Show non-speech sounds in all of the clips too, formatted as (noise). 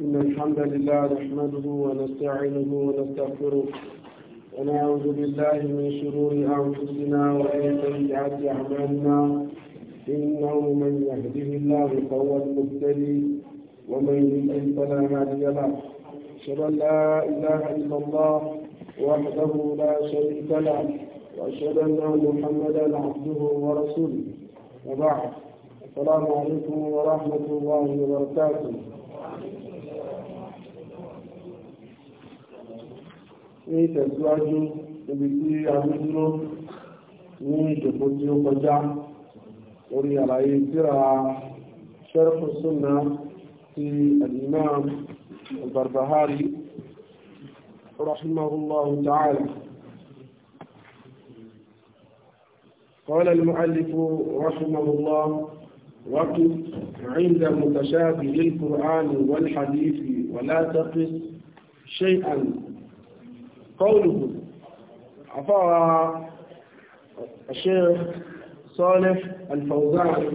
إن الحمد لله نحمده ونستعينه ونستغفره ونعوذ بالله من شرور أنفسنا ومن سيئات أعمالنا إنه من يهده الله فهو المهتدي ومن يضلل فلا هادي له أشهد أن لا إله إلا الله وحده لا شريك له وأشهد أن محمدا عبده ورسوله وبعد السلام عليكم ورحمة الله وبركاته ní ìtẹ̀síwájú níbi tí a ń dúró ní ìjòkó tí ó kọjá orí àlàyé tíra sharhu sunnah ti al-imam al-barbahari rahimahullahu ta'ala قال المؤلف رحمه الله وقف عند متشابه القرآن والحديث ولا تقف شيئا قوله أفرى الشيخ صالح الفوزان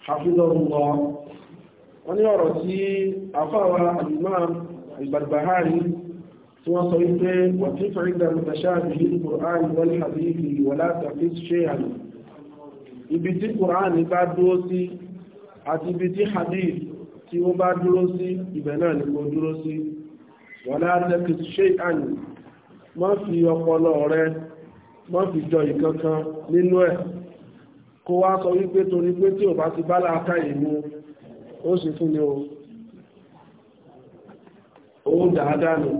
حفظه الله ونرى أفرى الإمام البربهاري ثم صيفه وقف عند متشابه القرآن والحديث ولا تقيس شيئا ibiti Qur'an bá dúró sí àti ibiti hadith tí ó bá dúró sí ibẹ̀ náà ni kó dúró sí wala taqis shay'an má fi ọpọlọ rẹ má fi jọ ìkankan nínú ẹ̀ kó wá sọ wípé torí pé tí o bá ti bá láàká ìmú ó sì fún ni o òun dáadáa nù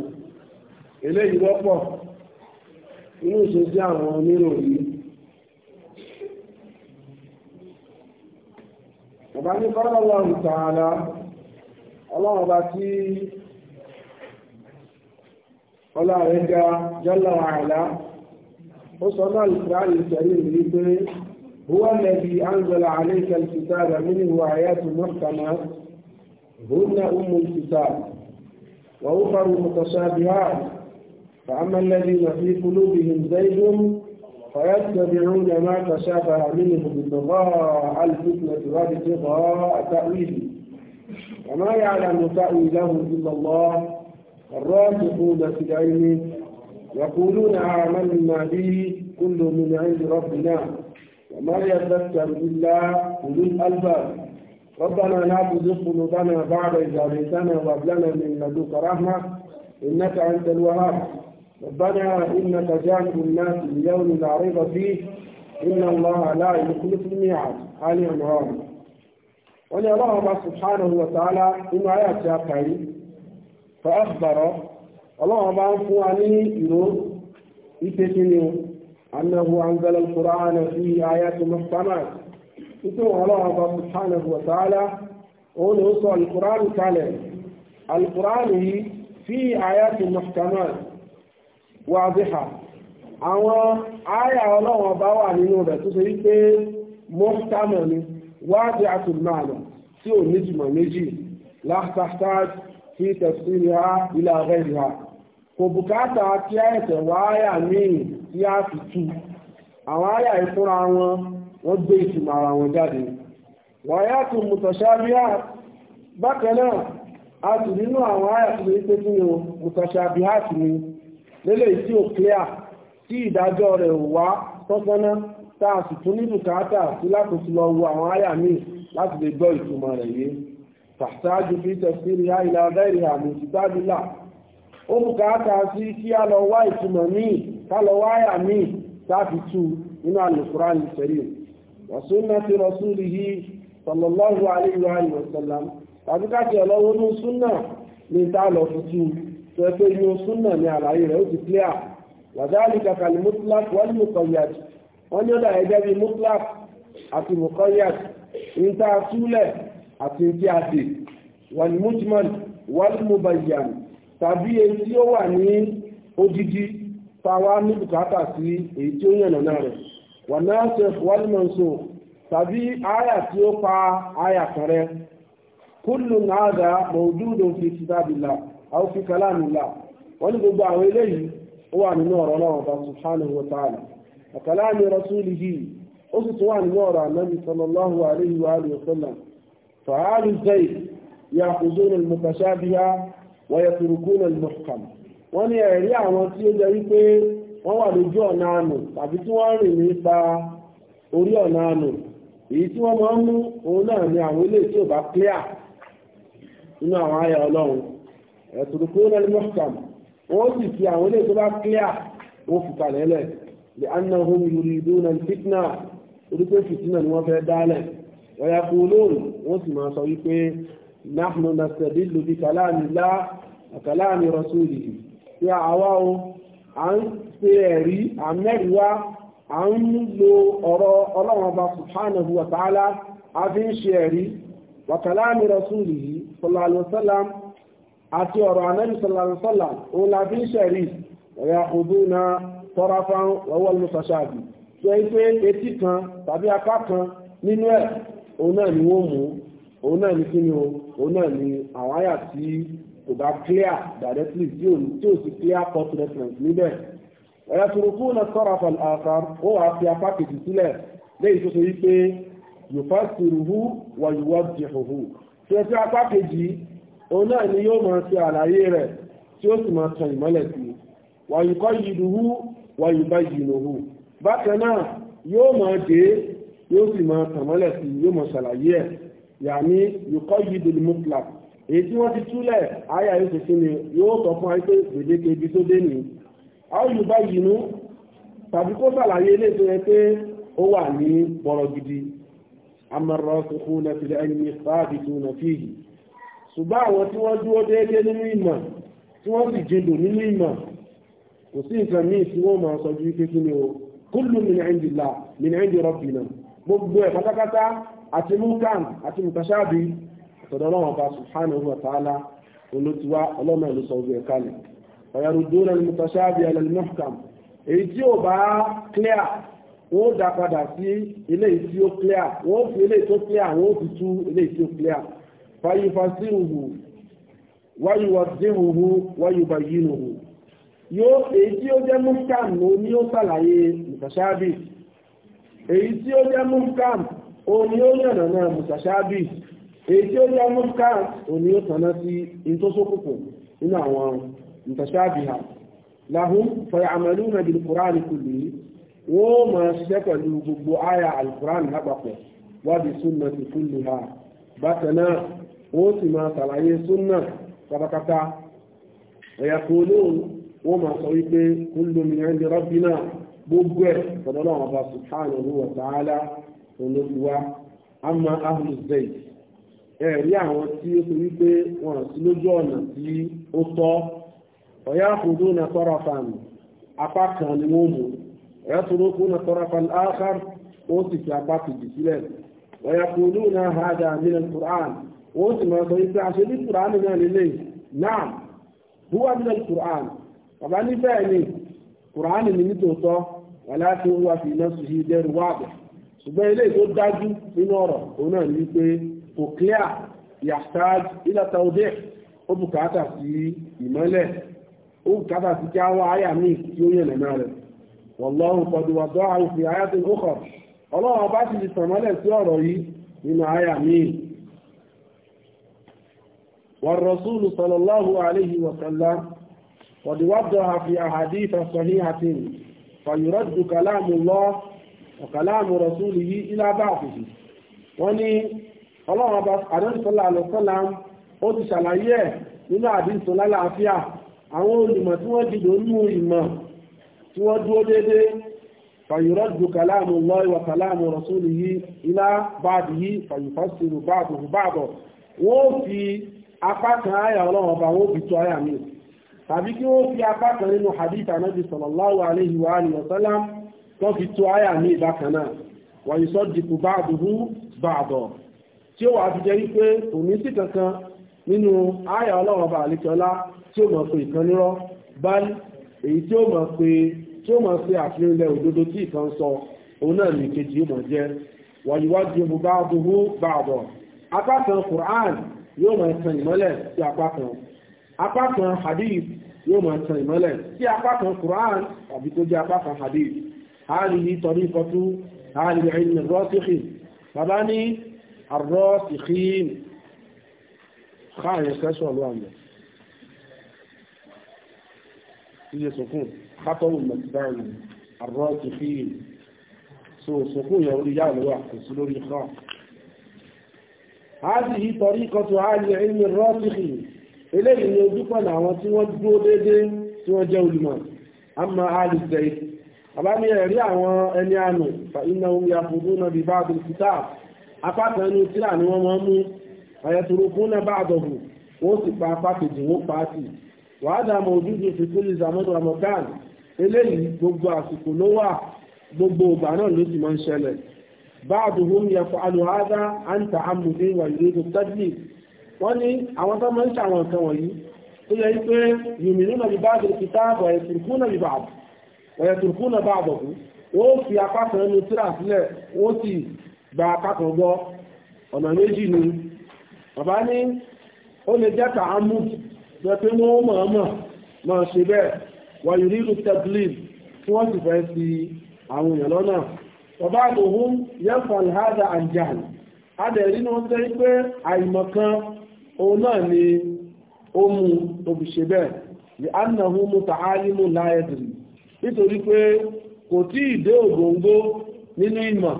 eléyìí wọ́pọ̀ inú ìṣesí àwọn oníròyìn ọba ní kọ́lọ́lọ́rùn tààlà ọlọ́run ọba tí ọlá rẹ̀ ga jọ́lọ́ wa ala ó sọ náà al-Qur'an al-Karim wípé huwa alladhi anzala alayka al-kitaba minhu ayatun muhkamat hunna ummul kitab wa ukhar mutashabihat فأما الذين bi قلوبهم زيغ فيتبعون ما تشابه منه ابتغاء الفتنة وابتغاء تأويله وما يعلم تأويله إلا الله الراسخون في العلم يقولون آمنا به كل من عند ربنا وما يذكر إلا أولو الألباب ربنا لا تزغ قلوبنا بعد إذ هديتنا وهب لنا من لدنك رحمة إنك أنت الوهاب ربنا إنك جاعل الناس ليوم لا ريب فيه إن الله لا يخلف الميعاد آل عمران الله سبحانه وتعالى إن آيات يا fàáfàrọ̀ ọlọ́run bá ń fún wa ní ìró ni anzala al fi ayati muhkamat nítorí wọn ọlọ́run bá subhanahu wa ta'ala òun ló sọ al-Qur'an kalẹ̀ al-Qur'an fi ayati muhkamat wadiha àwọn àyà ọlọ́run bá ba nínú rẹ̀ tó ṣe wípé muhkamat ni wadi'atul ma'na tí fi tẹ̀síri ha ilẹ̀ àrẹ́rì ha kò bùkátà kí a ẹ̀sẹ̀ wá àyà míì tí a fi tú àwọn àyà ìfúnra wọn wọ́n gbé ìtumọ̀ ara wọn jáde wàyà tó mùtọ̀ṣábíà bákan náà a sì nínú àwọn àyà tó lè pé fún yòó mùtọ̀ṣábíà sì ni lélẹ̀ tí ò clear tí ìdájọ́ rẹ̀ ò wá tọ́sánná tá a sì tún ní bùkátà sí láti lọ wo àwọn àyà míì láti lè gbọ́ ìtumọ̀ rẹ̀ yìí fasa fi a lọ wá ìtumọ̀ míì ká lọ wá àyà míì táàfi tú nínú al-Qur'an al-Karim wa sunnati rasulihi sallallahu alayhi wa sallam tàbí káàkiri ọlọ́wọ́ ní súnà ní ìta lọ fi tú tó ẹgbẹ́ inú súnà ní àlàyé rẹ̀ àti tí a dè walmujmal walmubayyan tàbí èyí tí ó wà ní odidi tàwa ní bùkátà sí èyí tí ó yànnà náà rẹ̀ wanasikh walmansukh tàbí àyà tí ó pa àyà kan rẹ̀ kullu hadha mawjudun fi kitabillah aw fi kalamillah wọ́n ní gbogbo àwọn eléyìí ó wà nínú ọ̀rọ̀ náà ọba subhanahu wa ta'ala wa kalami rasulihi ó sì tún wà nínú ọ̀rọ̀ ànábì sallallahu alayhi wa sallam فعال الزيت يأخذون المتشابهة ويتركون المحكم wọ́n ní ẹ̀rí àwọn tí ó jẹ́ wípé wọ́n wà lójú ọ̀nà àánú tàbí tí wọ́n rìn nípa orí ọ̀nà àánú èyí tí wọ́n máa ń mú òun náà ni àwọn ilé tí ò bá clear nínú àwọn ayà ọlọ́run ẹ̀tùrùkúnlẹ̀ mọ́sàmù wọ́n sì fi àwọn ilé tó bá clear wọ́n fi kalẹ̀ lẹ̀ lè annahum yuriduna fitna orí pé fitna ni wọ́n fẹ́ dálẹ̀ wọ́yá kú lóòrùn wọ́n sì máa sọ wípé nahnu nastadillu bi kalami Allah wa kalami rasulih pé àwa o à ń pe ẹ̀rí àmẹ́rìíwá à ń lo ọ̀rọ̀ ọlọ́run ọba subhanahu wa ta'ala a fi ń ṣe ẹ̀rí wa kalami rasulih sallallahu alaihi àti ọ̀rọ̀ ànábì sallallahu alaihi òun la fi ń ṣẹ̀rí wọ́yá kú dúnà tọ́rafán wọ́wọ́ ló sọ́ṣáàbì tó òun náà ni wọ́n mú òun náà ni kíni o òun náà ni àwọn àyà tí kò bá clear directly tí ò tí ò sì clear cut reference níbẹ̀ ẹ̀yà turuku náà sọ̀rọ̀ àfàl àkàr ó wàá fi apá kejì sílẹ̀ lẹ́yìn tó ṣe wípé yorùbá sìrùhù wà yorùbá jìhùhù tí ẹ fi apá kejì òun náà ni yóò máa ṣe àlàyé rẹ̀ tí ó sì máa tan ìmọ́lẹ̀ sí wà yorùbá yìdùhù wà yorùbá yìnùhù bákan náà yóò máa dé yóò sì máa tàmọ́lẹ̀ sí yóò mọ̀ ṣàlàyé ẹ̀ yàní yòókọ́ yìí dèlè mọ́tìlá èyí tí wọ́n ti túlẹ̀ àyà yóò ṣèṣin ni yóò tọ́ fún ayé pé gbèdéke ibi tó dé nìyí. àwọn yorùbá yìí nú tàbí kó ṣàlàyé eléyìí yẹn pé ó wà ní bọ̀rọ̀ gidi amọ̀rọ̀ tuntun náà ẹni ní fáàbì tó náà ṣùgbọ́n àwọn tí wọ́n dúró déédéé nínú ìmọ̀ tí wọ́n sì jindò nínú ìmọ̀ kò sí nǹkan míì tí wọ́n máa sọ ju pé ni o kúlù min indillah min indi rabbina gbogbo ẹ̀ pátápátá àti mukan àti mutashabi ọ̀tọ̀dọ̀ ọlọ́run ọba subhanahu wa ta'ala olótiwá ọlọ́mọ ìlú sọ ọgbẹ̀ kalẹ̀ ọ̀yàrùdúnà ní mutashabi al-muhkam èyí tí ó bá clear wọ́n dá padà sí ilé tí ó clear wọ́n fi ilé tó clear wọ́n fi tú ilé tí ó clear fàyí fasiruhu wáyí wàdíhùhù wáyí bàyínuhù yóò èyí tí ó jẹ́ muhkam ló ní ó sàlàyé mutashabi èyí tí ó jẹ́ muhkam òní ó yànnà náà mùsàṣábì èyí tí ó jẹ́ muhkam òní ó tànná sí ìtòsókòkò nínú àwọn mùsàṣábìhà na fayamaluna bil Qur'an kulli wọ́n máa ṣiṣẹ́ pẹ̀lú gbogbo àyà al-Qur'an lápapọ̀ wa bi sunnati kulliha bákan wọ́n sì máa pátápátá ẹ̀yà kò lóun kullu gbogbo ẹ̀ ọ̀dọ́lọ́ ọba subhanahu wa ta'ala olófiwá amma ahlul bayt ẹ̀rí àwọn tí ó fi wípé wọn sí lójú ọ̀nà tí ó tọ́ ọ̀yá na tarafan apá kan ni wọ́n mú ọ̀yá turuku na tarafan akhar ó sì fi apá kejì sílẹ̀ ọ̀yá na al ó sì máa sọ wípé àṣẹ ní náà al bàbá ní bẹ́ẹ̀ ni kùránì ní nítòótọ́ wà láti ń wá fi iná sùn sí dẹ́rù wáàbẹ̀ ṣùgbọ́n ilé tó dájú nínú ọ̀rọ̀ òun náà ní pé kò clear yasaj ilata ode ó bùkátà sí ìmọ́lẹ̀ ó bùkátà sí kí á wá àyà míì tí ó yẹn nàná rẹ̀ wọ̀lọ́run kọ̀dù wà dọ́ àwọn àyà tó ń kọ̀ ọlọ́run bá ti di sí ọ̀rọ̀ yìí nínú àyà míì wọ̀rọ̀súlù sallallahu alayhi wa sallam قد وضع في أحاديث صحيحة فيرد كلام الله وكلام رسوله إلى بعضه wọ́n ní ọlọ́run ọba àdánsọ́lá àlọ́sọ́lá ó ti ṣàlàyé o nínú àdínsọ́ lálàáfíà àwọn olùmọ̀ tí wọ́n dìdò nínú ìmọ̀ tí wọ́n dúó dédé fàyírọ́dù kàláàmù Allahi wa kàláàmù rasulihi ilá ba'dihi fàyífàṣirù báàdùhù báàbọ̀ wọ́n fi apá kan àyà ọlọ́run ọba wọ́n fi tó tàbí kí ó fi apá kan nínú hadith anabi sallallahu alayhi wa alihi wa sallam tó fi tó àyà ní ìbákan náà wà yìí sọ dìkù bá àdúgbò bá àbọ̀ tí ó wà fi jẹ́ wípé òní sí kankan nínú àyà ọlọ́run ọba àlekọ́lá tí ó mọ̀ pé ìkan nírọ́ bá èyí tí ó mọ̀ pé apá kan Qur'an yóò mọ̀ ẹ̀sán ìmọ́lẹ̀ sí apá kan apá kan hadith yóò máa tan ìmọ́lẹ̀ sí apá kan Quran àbí tó jẹ́ apá kan hadith hàlìyí tọ́rí kọtú hàlìyí ẹ̀yìn rọ́síkì bàbá ní àrọ́síkì káàyàn sẹ́sọ̀ ló àmì iye sọkún kátọ́wù mẹ́tìdáàmì àrọ́síkì so sọkún yẹ orí yà lọ́wà tọ́rí kọtú hàlìyí ẹ̀yìn rọ́síkì eléyìí ni ojúkọ̀nà àwọn tí wọ́n dúró déédéé tí wọ́n jẹ́ olùmọ̀ àmọ́ alìsẹ̀ àbámi ẹ̀rí àwọn ẹni àánú iná omi àfòdó náà bí báàbù títà tíra ni wọ́n máa mú ayẹtòrò fún náà bá àdọ̀bù wọ́n sì pa apá kejì wọ́n pa á sí wàá ojúṣe eléyìí gbogbo àsìkò ló wà gbogbo ìgbà náà ló sì máa ń ṣẹlẹ̀ alùhádá àǹtà wà ìrètò wọ́n ní àwọn tó máa ń ṣàwọn nǹkan wọ̀nyí tó yẹ pé yìnyín náà bí bá ti fi táàbọ̀ ẹ̀tùrùkú náà bí bá ẹ̀tùrùkú náà bá àbọ̀kú wọ́n fi apá kan ní tíra sílẹ̀ wọ́n sì gba apá gbọ́ ọ̀nà méjì ni bàbá ní ó lè jẹ́ ká mú jẹ́ pé wọ́n mọ̀ ọ́mọ̀ máa ṣe bẹ́ẹ̀ wà yìí rírù tẹ́bílìf tí wọ́n sì fẹ́ sí àwọn èèyàn lọ́nà bàbá àtòhún yẹ́fà ní hádà àjàn adẹ̀rí ni wọ́n sẹ́ pé àìmọ̀kan òun náà ni ó mú òbí ṣe bẹ́ẹ̀ ní annahu muta'alimun la yadri nítorí pé kò tí ì dé ògóńgó nínú ìmọ̀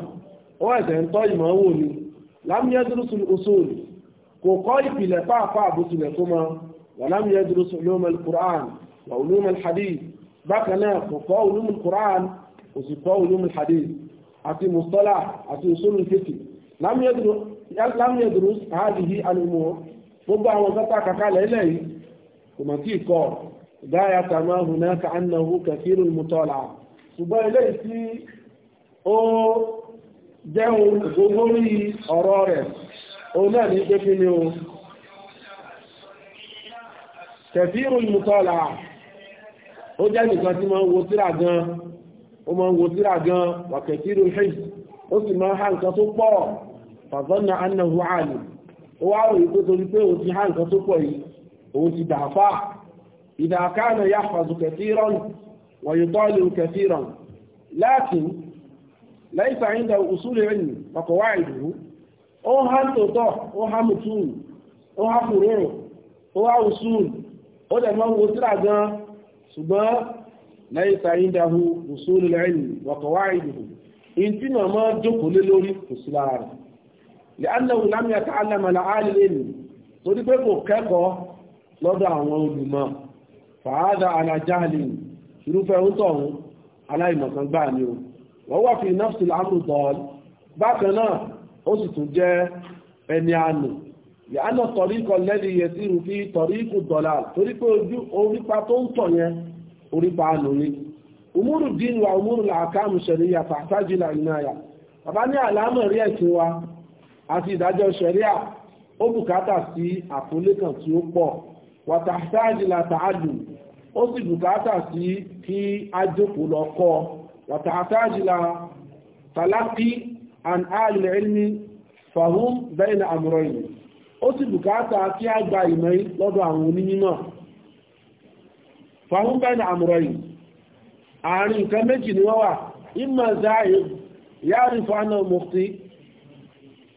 ó ẹ̀sẹ̀ ń tọ́ ìmọ̀ wò ni lam yadrusu al-usul kò kọ́ ìpìlẹ̀ pàápàá àbútulẹ̀ tó máa wà lam yadrusu ulum al-Qur'an wà ulum yadrus hadhihi al-umur gbogbo àwọn sọ́tà kàkà lẹ́lẹ̀ yìí kò mọ̀ tí ì kọ́ gáyà tàmá hùnà ka annahu kathirul mutala ṣùgbọ́n ilé tí ó jẹun gbogbo rí ọ̀rọ̀ rẹ̀ òun náà ní pé kí ni o kathirul mutala ó jẹ́ nìkan tí máa ń wo tírà gan ó máa ń wo tírà gan wà kathirul hifz ó sì máa ń há nǹkan tó pọ̀ fàzọ́nà annahu alim ó wá rò torí pé òun ti há nǹkan tó pọ̀ yìí òun ti dàáfà ìdàkánà yà fàzù kẹfìrán wọ̀nyí tọ́lù kẹfìrán lákin lẹ́yìn àyíndà òsúlẹ̀ ẹ̀yìn ọkọ̀wá ìdúró ó há tòótọ́ ó há mùtúùn ó há ha ó há ha ó dẹ̀ mọ́ wo síra gan ṣùgbọ́n lẹ́yìn dà òsúlẹ̀ ẹ̀yìn ọkọ̀wá ìdúró ìntì náà jókòó lé lórí kò sí lára rẹ̀ lẹ́anlẹ́wò lámìí àtàlẹ́mọ̀lá àlẹ́lẹ́nu torí pé kò kẹ́kọ̀ọ́ lọ́dọ̀ àwọn olùmọ̀ fàádà alájáàlì irúfẹ́ òótọ́hún aláìmọ̀kan gbáà ni o wọ́n wà fi nọ́ọ̀sì láàmù bọ́ọ̀l bákan náà ó sì tún jẹ́ ẹni àánú lẹ́anlẹ́ torí kọ lẹ́ni yẹ sí ìrùfí torí ikú dọ́là torí pé ojú orípa tó ń tọ̀ yẹn orípa àánú ni umuru dín wa umuru làákàmù ṣẹlẹ̀ yà fàtàjì làìnáyà bàbá ní àlámọ̀ rí ẹ̀sìn wa àti ìdájọ́ ṣẹ̀ríà ó bùkátà sí kan tí ó pọ̀ wàtàṣáàjìlá tààlù ó sì bùkátà sí kí ajókòó lọ kọ́ and ààlẹ̀ ilmi fahum bẹ́ẹ̀nà àmúrọ̀ ìlú ó sì bùkátà kí a gba ìmọ̀ lọ́dọ̀ àwọn onímọ̀ fahum bẹ́ẹ̀nà àmúrọ̀ ìlú àárín nǹkan méjì ni wọ́n wà ìmọ̀ záà yáàrífà náà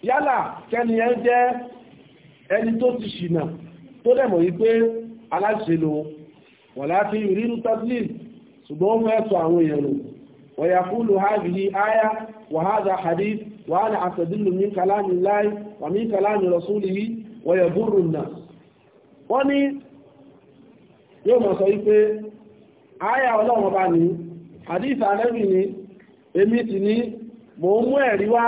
yálà kẹni ẹ jẹ́ ẹni tó ti ṣìnà tó dẹ̀mọ̀ yí pé aláṣẹ́lò wọ̀n láti ìrírú tọ́tílì ṣùgbọ́n ó fẹ́ sọ àwọn èèyàn lò wọ́n yà fún lò hábi yí áyá wàhádà hadith wàhálà àtẹ̀dínlù min kàlámi láì wà min kàlámi rọ̀súlì yí wọ́n búrù nà wọ́n ní yóò mọ̀ sọ wípé áyá ọlọ́run bá ní hadith alẹ́bì ni èmi sì ní mò ń mú ẹ̀rí wá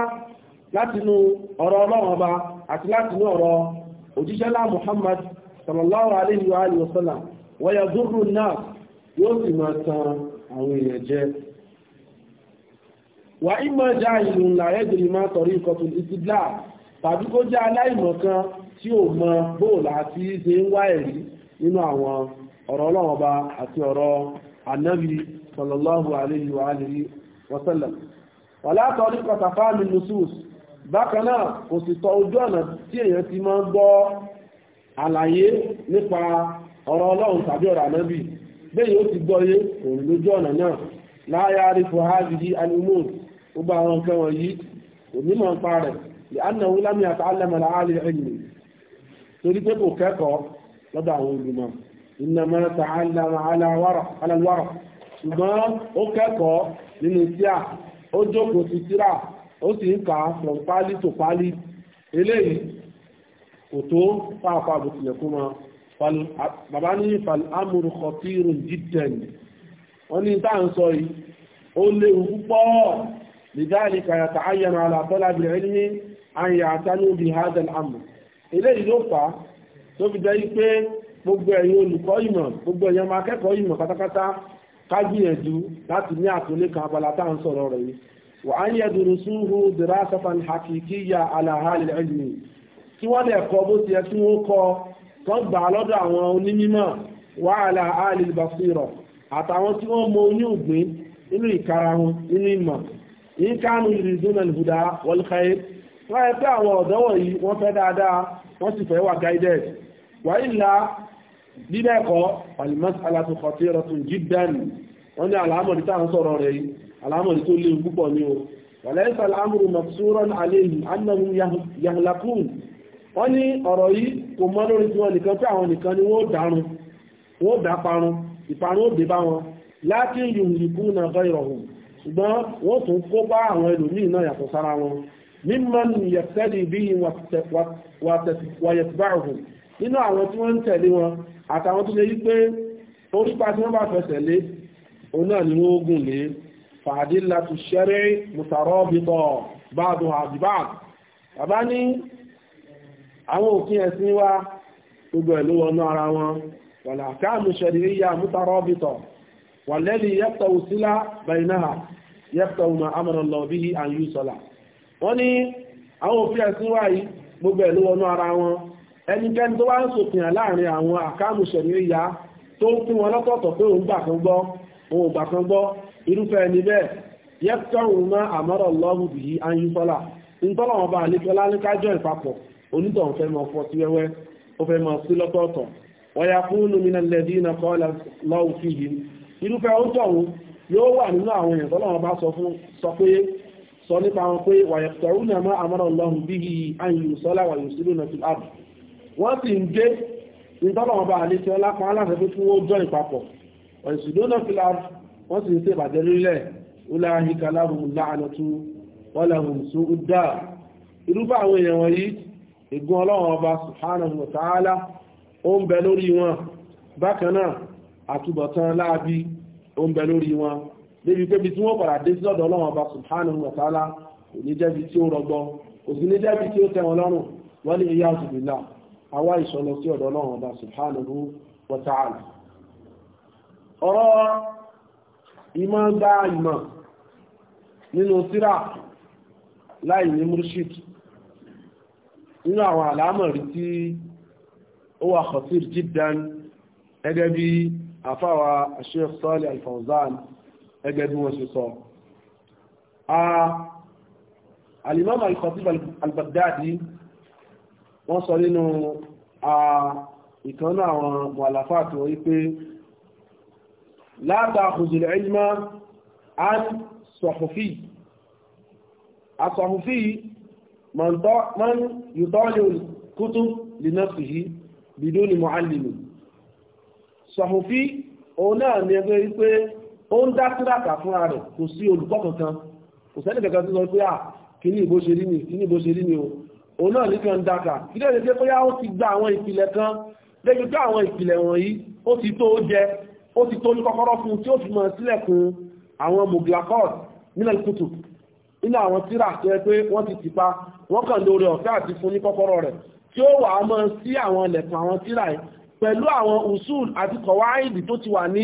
Latinu ọ̀rọ̀ ọlọ́run ọba àti látinú ọ̀rọ̀ òjíṣẹ́lá Muhammad sallallahu alayhi wa alihi wa sallam wa yadurru náà yóò sì máa tan àwọn èèyàn jẹ wà ìmọ̀ já ìlú ńlá ẹgbẹ̀rẹ̀ máa tọ̀rí ìkọtùn ìsìdá tàbí kó jẹ́ aláìmọ̀ kan tí ó mọ bóòlà àti ṣe ń wá ẹ̀rí nínú àwọn ọ̀rọ̀ àti ọ̀rọ̀ sallallahu alayhi wa alihi wa sallam wà látọ̀rí bákan náà kò sì tọ ojú ọ̀nà tí èèyàn ti máa ń gbọ́ àlàyé nípa ọ̀rọ̀ ọlọ́run tàbí ọ̀rọ̀ ànábì bẹ́ẹ̀ yóò ti gbọ́ yé òun lójú ọ̀nà náà láyé àrífò hajjiji alimoon gbogbo àwọn nǹkan wọ̀nyí onímọ̀ ń pa rẹ̀ lè annáwó lámì àti alẹ́mọ̀lá alẹ́ ó jókòó ti tíra ó sì ń kà from pálí to pálí eléyìí kò tó pàápàá bó tilẹ̀ kó máa bàbá ní amúrú kọtíìrù jíjẹn wọ́n ní tá à ń sọ yìí ó léwu púpọ̀ lìdáàlì kàyàtà ayẹnà àlàtọ́lá bìrẹ̀ ní àyà àtàlù bí hadal amú eléyìí ló fà á tó fi jẹ́ pé gbogbo ẹ̀yin olùkọ́ ìmọ̀ gbogbo ẹ̀yin ọmọ akẹ́kọ̀ọ́ ìmọ̀ pátápátá ká gbìyànjú láti ní àtúnlé kan abala tá à ń sọ̀rọ̀ rẹ̀ yìí وأن يدرسوه دراسة حقيقية على هذا العلم kí wọ́n lè kọ́ bó ti yẹ kí wọ́n kọ́ tán gbà lọ́dọ̀ àwọn onímọ̀ wà àlà alìbàfíìrọ̀ àtàwọn tí wọ́n mọ oyún ògbín nínú ìkara wọn nínú ìmọ̀ ìkánu ìrìnzúnà ìbùdá wọlùkàyé wọ́n yẹ pé àwọn ọ̀dọ́ wọ̀nyí wọ́n fẹ́ dáadáa wọ́n sì fẹ́ wà guided wà ìlà bíbẹ́ẹ̀kọ́ pàlìmọ́sí alásùkọ̀tì rọ̀tún jídánì wọ́n ní àlàámọ̀dítà ń sọ̀rọ̀ rẹ̀ yìí alámọ̀rí tó léwu púpọ̀ ní o wàlẹ́sà alámọ̀rù mọ̀súrán aléhùn annahum yahlakun wọ́n ní ọ̀rọ̀ yìí kò mọ́ lórí tí wọ́n nìkan pé àwọn nìkan ni wọ́n dárun wọ́n dá parun ìparun ó dé bá wọn láti yùnìkú na ghayrahum ṣùgbọ́n wọ́n tún kó bá àwọn ẹlòmíì náà orípa tí wọ́n bá fẹsẹ̀ lé òun ni wọ́n gùn lé fàdílàtù ṣẹ́rẹ́ mùtàrọ́bìtọ̀ báàdùn àdìbáàdù bàbá ní àwọn òfin ẹ̀sìn wa gbogbo ẹ̀ ló wọnú ara wọn wàlá káàmù ṣẹ̀ríyà mùtàrọ́bìtọ̀ wàlẹ́lì yẹ́pẹ̀ òsílá bẹ̀rẹ̀náà yẹ́pẹ̀ òmà amọ̀rọ̀lọ́ bí i àyú sọ́lá wọ́n ní àwọn òfin ẹ̀sìn wa yìí gbogbo irúfẹ́ ẹni bẹ́ẹ̀ yẹ́pítọ́rùn máa àmọ́rọ̀ lọ́rùn bìí ayúfọ́lá ń tọ́lọ̀ wọn bá àlékọ́lá ní kájọ́ ìpapọ̀ onítọ̀hún fẹ́ mọ fọ́ sí wẹ́wẹ́ ó fẹ́ mọ sí lọ́tọ̀ọ̀tọ̀ wọ́yá fún lómìnà lẹ́dí iná kọ́lá lọ́rùn ó jọ ìpapọ̀ wàyẹ̀sílùnà fi wọ́n sì ń ṣe ìbàjẹ́ lórílẹ̀ ọláhíkà láhùn láàánàtú wọ́láhùn sí ọdá irúfà àwọn èèyàn wọ̀nyí ègún ọlọ́run ọba subhanahu wa ta'ala ó ń bẹ lórí wọn bákan náà àtúbọ̀tán láabi ó ń bẹ lórí wọn débi pébi tí wọ́n padà dé sí ọ̀dọ̀ ọba ìmọ̀ ń gba ìmọ̀ nínú tírà láì ní murshid nínú àwọn àlámọ̀rí tí ó wà khatir jiddan gẹ́gẹ́ bí àfáwà Sheikh Salih Al-Fawzan gẹ́gẹ́ bí wọ́n ṣe sọ al-Imam al-Khatib wọ́n sọ nínú ìkànnà àwọn mọ̀láfà tó wípé látàkùzù ìlẹ́ìlmá an sọ̀fùfí asọ̀fùfí man yùtọ́lẹ̀ kútù lìnàfìhì bìdó ni mọ̀álìmù sọ̀fùfí òun náà ní ẹgbẹ́ wípé ó ń dá tíraka fúnra rẹ̀ kò sí olùkọ́ kankan kò sẹ́ni kankan tí sọ pé à kí ní ìbó ṣe rí ni kí ní ìbó ṣe rí ni o òun náà ní kan dáka kí lẹ́yìn pé ó ti gba àwọn ìpìlẹ̀ kan lẹ́yìn pé àwọn ìpìlẹ̀ wọ̀nyí ó ti tó jẹ ó ti tó ní kọ́kọ́rọ́ fún tí ó fi mọ̀ sílẹ̀kùn àwọn muglakot nílẹ̀ kùtù nínú àwọn tíra tó yẹ pé wọ́n ti tìpa wọ́n kàn lórí ọ̀fẹ́ àti fún ní kọ́kọ́rọ́ rẹ̀ tí ó wà á mọ́ sí àwọn ilẹ̀kùn àwọn tíra yìí pẹ̀lú àwọn usul àti kọ̀wáìdì tó ti wà ní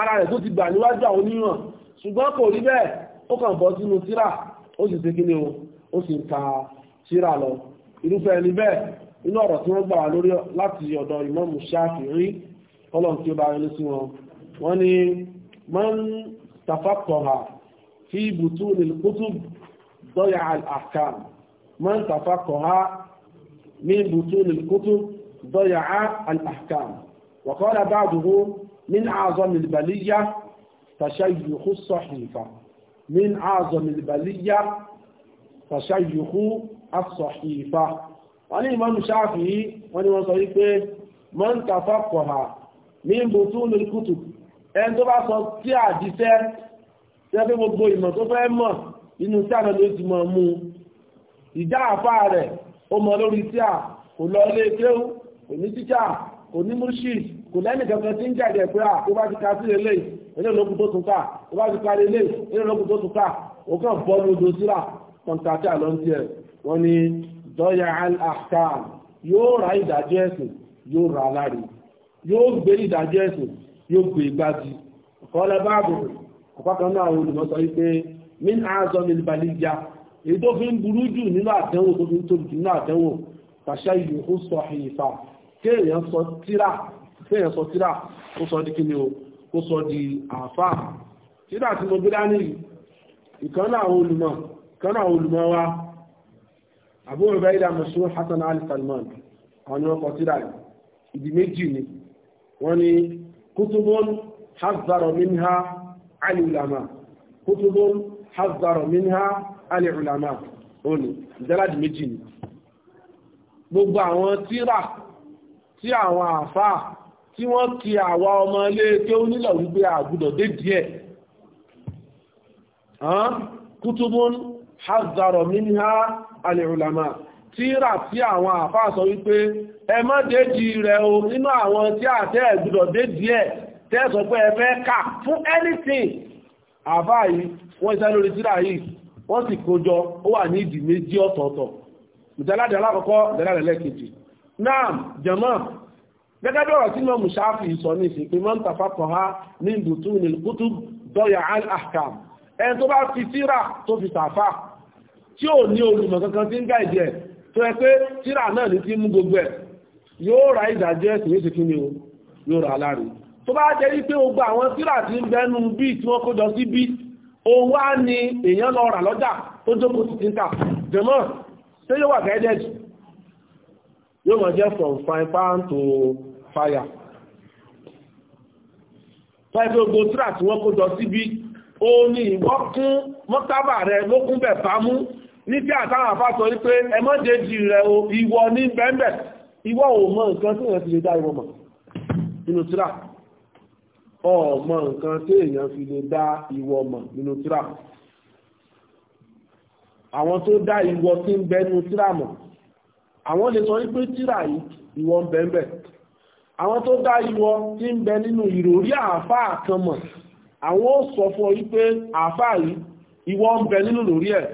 ara rẹ̀ tó ti gbà níwájú àwọn onímọ̀ ṣùgbọ́n kò rí bẹ́ẹ̀ ó kàn bọ́ sínú tíra ó sì ṣe kíni o ó sì ń ka tíra lọ irúfẹ́ ẹni bẹ́ẹ̀ inú ọ̀rọ̀ tí wọ́n gbà wá lórí láti ọ̀dọ̀ Imam Shafi'i ọlọ́run tí ó bá rẹ lé sí wọn wọ́n ní man tafakọha fi butun al-kutub dọ́yà al-ahkam man tafakọha min butun al-kutub dọ́yà al-ahkam وقال بعضهم من أعظم البلية تشيخ الصحيفة من أعظم البلية تشيخ الصحيفة wọ́n Imam Shafi'i wọ́n ni wọ́n sọ wípé man tafaqaha min butunil kutub ẹni tó bá sọ tí àjíṣẹ́ tẹ́ fẹ́ gbogbo ìmọ̀ tó fẹ́ mọ̀ inú tí àná ló ti mọ̀ mú ìjà àfá rẹ̀ ó mọ̀ lórí tí à kò lọ ilé kéwú kò ní tíjà kò ní múṣì kò lẹ́nì kankan tí ń jáde pé à tó bá ti ka sí eléyìí ilé olókù tó tún ká tó bá ti parí eléyìí ilé olókù tó tún ká òkàn bọ́ lódo síra kọ̀ǹtà tí àlọ́ ń tiẹ̀ wọ́n ní dọ́yà al-ahkam yóò ra ìdájọ́ ẹ̀sìn yóò ra aláre yóò gbé ìdájọ́ ẹ̀sìn yóò gbé igbájú e ọ̀kọ́lẹ̀ báàbù ọ̀pákan náà àwọn olùmọ́sọ wípé min aazọ min balija èyí tó fi ń burú jù nínú àdánwò tó fi ń tóbi jù nínú àdánwò pàṣẹ ìlú ó sọ ìfà kéèyàn sọ tíra kéèyàn sọ tíra ó sọ di wa àbúrò rẹ̀ ìdá mọ̀ṣúrù Hasan Ali Salman àwọn ìdí méjì ni wọ́n ní كتب hazzaro منها alìlàmà كتب hazzaro منها alìlàmà òní ìjẹ́lájì méjì ni gbogbo àwọn tírà tí àwọn àfá tí wọ́n kí àwa ọmọ ilé tí ó nílò wípé àgùdọ̀ dé díẹ̀ kutubun hazzaro minha alìlàmà tíra tí àwọn àfáà sọ wípé ẹ má rẹ̀ o nínú àwọn tí àtẹ́ ẹ̀gbùdọ̀ déjì ẹ̀ tẹ́sọ pé ẹ fẹ́ kà fún anything àfáà yìí wọ́n iṣẹ́ lórí tíra yìí wọ́n sì kójọ ó wà ní ìdí méjì ọ̀tọ̀ọ̀tọ̀ ìjẹ́láde alákọ̀ọ́kọ́ ìjẹ́láde lẹ́kejì náà jẹ̀mọ́ gẹ́gẹ́ bí ọ̀rọ̀ tí mo mú ṣáfì sọ ní ìsìn pé mọ́ntà fapọ̀ ha ní ìdùtú ní kútù dọ́yà al-ahkam ẹni tó bá fi tíra tó fi tàfà tí ò ní olùmọ̀ kankan tí ń gáìdì ẹ̀ tó ẹ pé tíra náà ní tí mú gbogbo ẹ̀ yóò ra ìdájọ́ ẹ̀sìn yóò ṣe kí ni o yóò ra aláàrin tó bá jẹ́ wípé gbogbo àwọn tíra ti ń bẹnu bí tí wọ́n kójọ sí bí òun wá ní èèyàn lọ rà lọ́jà tó jókòó sí ti ń tà jẹ̀mọ́ tó yóò wà guided yóò mọ̀ jẹ́ from fine pan to fire tó ẹgbẹ́ gbogbo tíra tí wọ́n kójọ sí bí òun ni ìwọ́kún mọ́tábà rẹ lókún bẹ̀ bá mú ní tí àtàrà àfá sọ wípé ẹmọ́déjì rẹ̀ o ìwọ ní bẹ́ẹ̀bẹ̀ ìwọ ò mọ nǹkan tí èèyàn fi lè dá ìwọ mọ̀ nínú tíra ọmọ nǹkan tí èèyàn fi lè dá ìwọ mọ̀ nínú tíra àwọn tó dá ìwọ tí ń bẹ nínú tíra mọ̀ àwọn lè sọ wípé tíra yìí ìwọ ń bẹ́ẹ̀bẹ̀ àwọn tó dá ìwọ tí ń bẹ nínú ìròrí àáfàá kan mọ̀ àwọn ó sọ fún ọ wípé àáfàá yìí ìwọ ń bẹ nínú lórí ẹ̀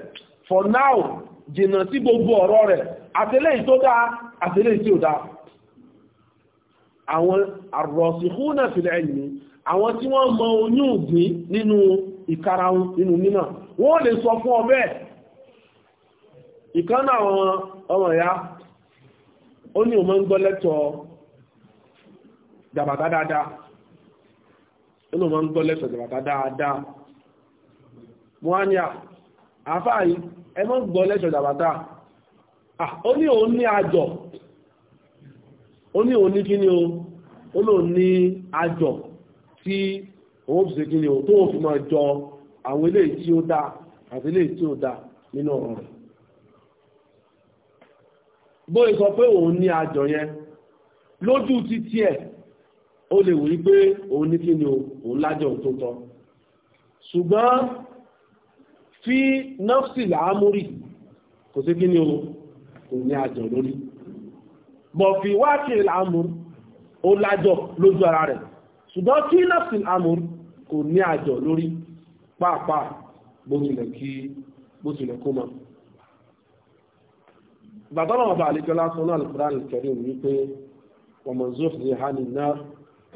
for now jìnnà sí gbogbo ọ̀rọ̀ rẹ̀ àtẹlẹ́yìn tó dáa àtẹlẹ́yìn tí ò dáa àwọn àrọ̀sìkúnà fìlẹ̀ ẹ̀yìn àwọn tí wọ́n mọ oyún ìgbín nínú ìkarahun nínú mímọ̀ wọ́n lè sọ fún ọbẹ̀ ìkan náà àwọn ọmọ ya ó ní òun máa ń gbọ́ lẹ́tọ̀ jàbàtà dáadáa ó ní òun máa ń gbọ́ lẹ́tọ̀ dáadáa wọ́n á ní àfáà yìí ẹ mọ́ gbọ́ lẹ́ṣọ̀ jàbátà ó ní òun ní àjọ ó ní òun ní kí ni o ó lóun ní àjọ tí òun fi kí ni o tó fi máa jọ àwọn eléyìí tí ó dá àti eléyìí tí ó dá nínú ọ̀rọ̀ rẹ̀ bóyá sọ pé òun ní àjọ yẹn lójú títí ẹ̀ ó lè wí pé òun ní kí ni o òun lájọ tó tọ́ ṣùgbọ́n fi nọ́fsì làámúrì kò sí kí ni o kò ní àjọ lórí bọ̀ fi wáàkì làámúrì ó lájọ lójú ara rẹ̀ ṣùgbọ́n kí nọ́fsì làámúrì kò ní àjọ lórí pàápàá bóṣìlẹ̀ kí bóṣìlẹ̀ kó mọ́ bàbáwọn ọba àlejò lásán náà Al-Qur'an Al-Karim wípé wa man zuhziha 'anil nar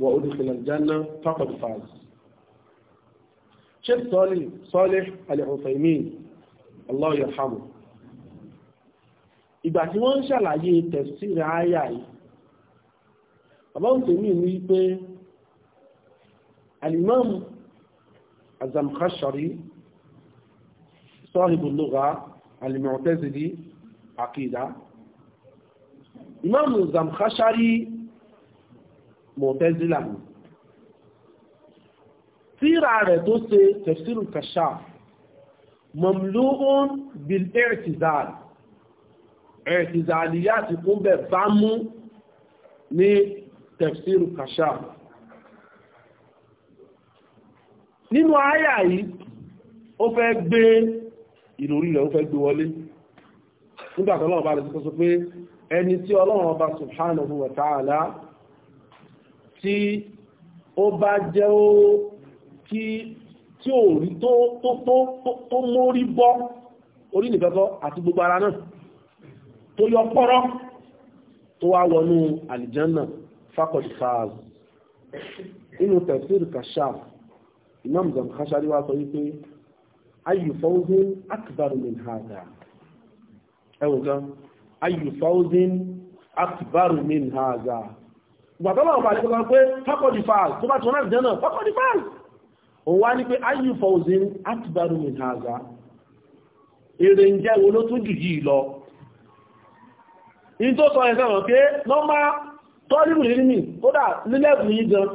wa udkhila al-janna faqad faz sheikh صالح sọ́lẹ̀ al الله يرحمه yarhamu ìgbà tí wọ́n ń ṣàlàyé tafsir àyà yìí bàbá Uthaymin ní pé al-Imam az-Zamakhshari sahibul lugha al Imam az-Zamakhshari tíra rẹ̀ tó ṣe tafsiru kashaf mamlu'un bil i'tizal i'tizaliya ti kún bẹ̀ bá mú ní tafsiru kashaf nínú àyà yìí ó fẹ́ gbé ìlórí rẹ̀ ó fẹ́ gbé wọlé nígbàtí ọlọ́run bá lè tí ó bá jẹ́ ó tí tí ò rí tó tó tó tó mórí bọ́ orí nìkẹ́kọ́ àti gbogbo ara náà tó yọ pọ́rọ́ tó wá wọnú àlìjánà fákọ̀dì fáàz inú tafsir kashaf imam zamkhashari wá sọ wípé ayyu fawzin akbar min hada ẹwùn gan ayyu fawzin akbar min hada gbàtọ́lọ̀ ọ̀bà ní kọ́kọ́ pé fákọ̀dì fáàz tó bá tún náà jẹ́ náà fákọ̀dì fáàz òun wá ní pé ayu fawzin akbaru min haza èrè ń jẹ́ wo ló tún jù yìí lọ in tó sọ ẹ̀sẹ̀ wọ̀n pé lọ́mà tọ́lìmù nínú mi kódà nílẹ̀kùn yí gan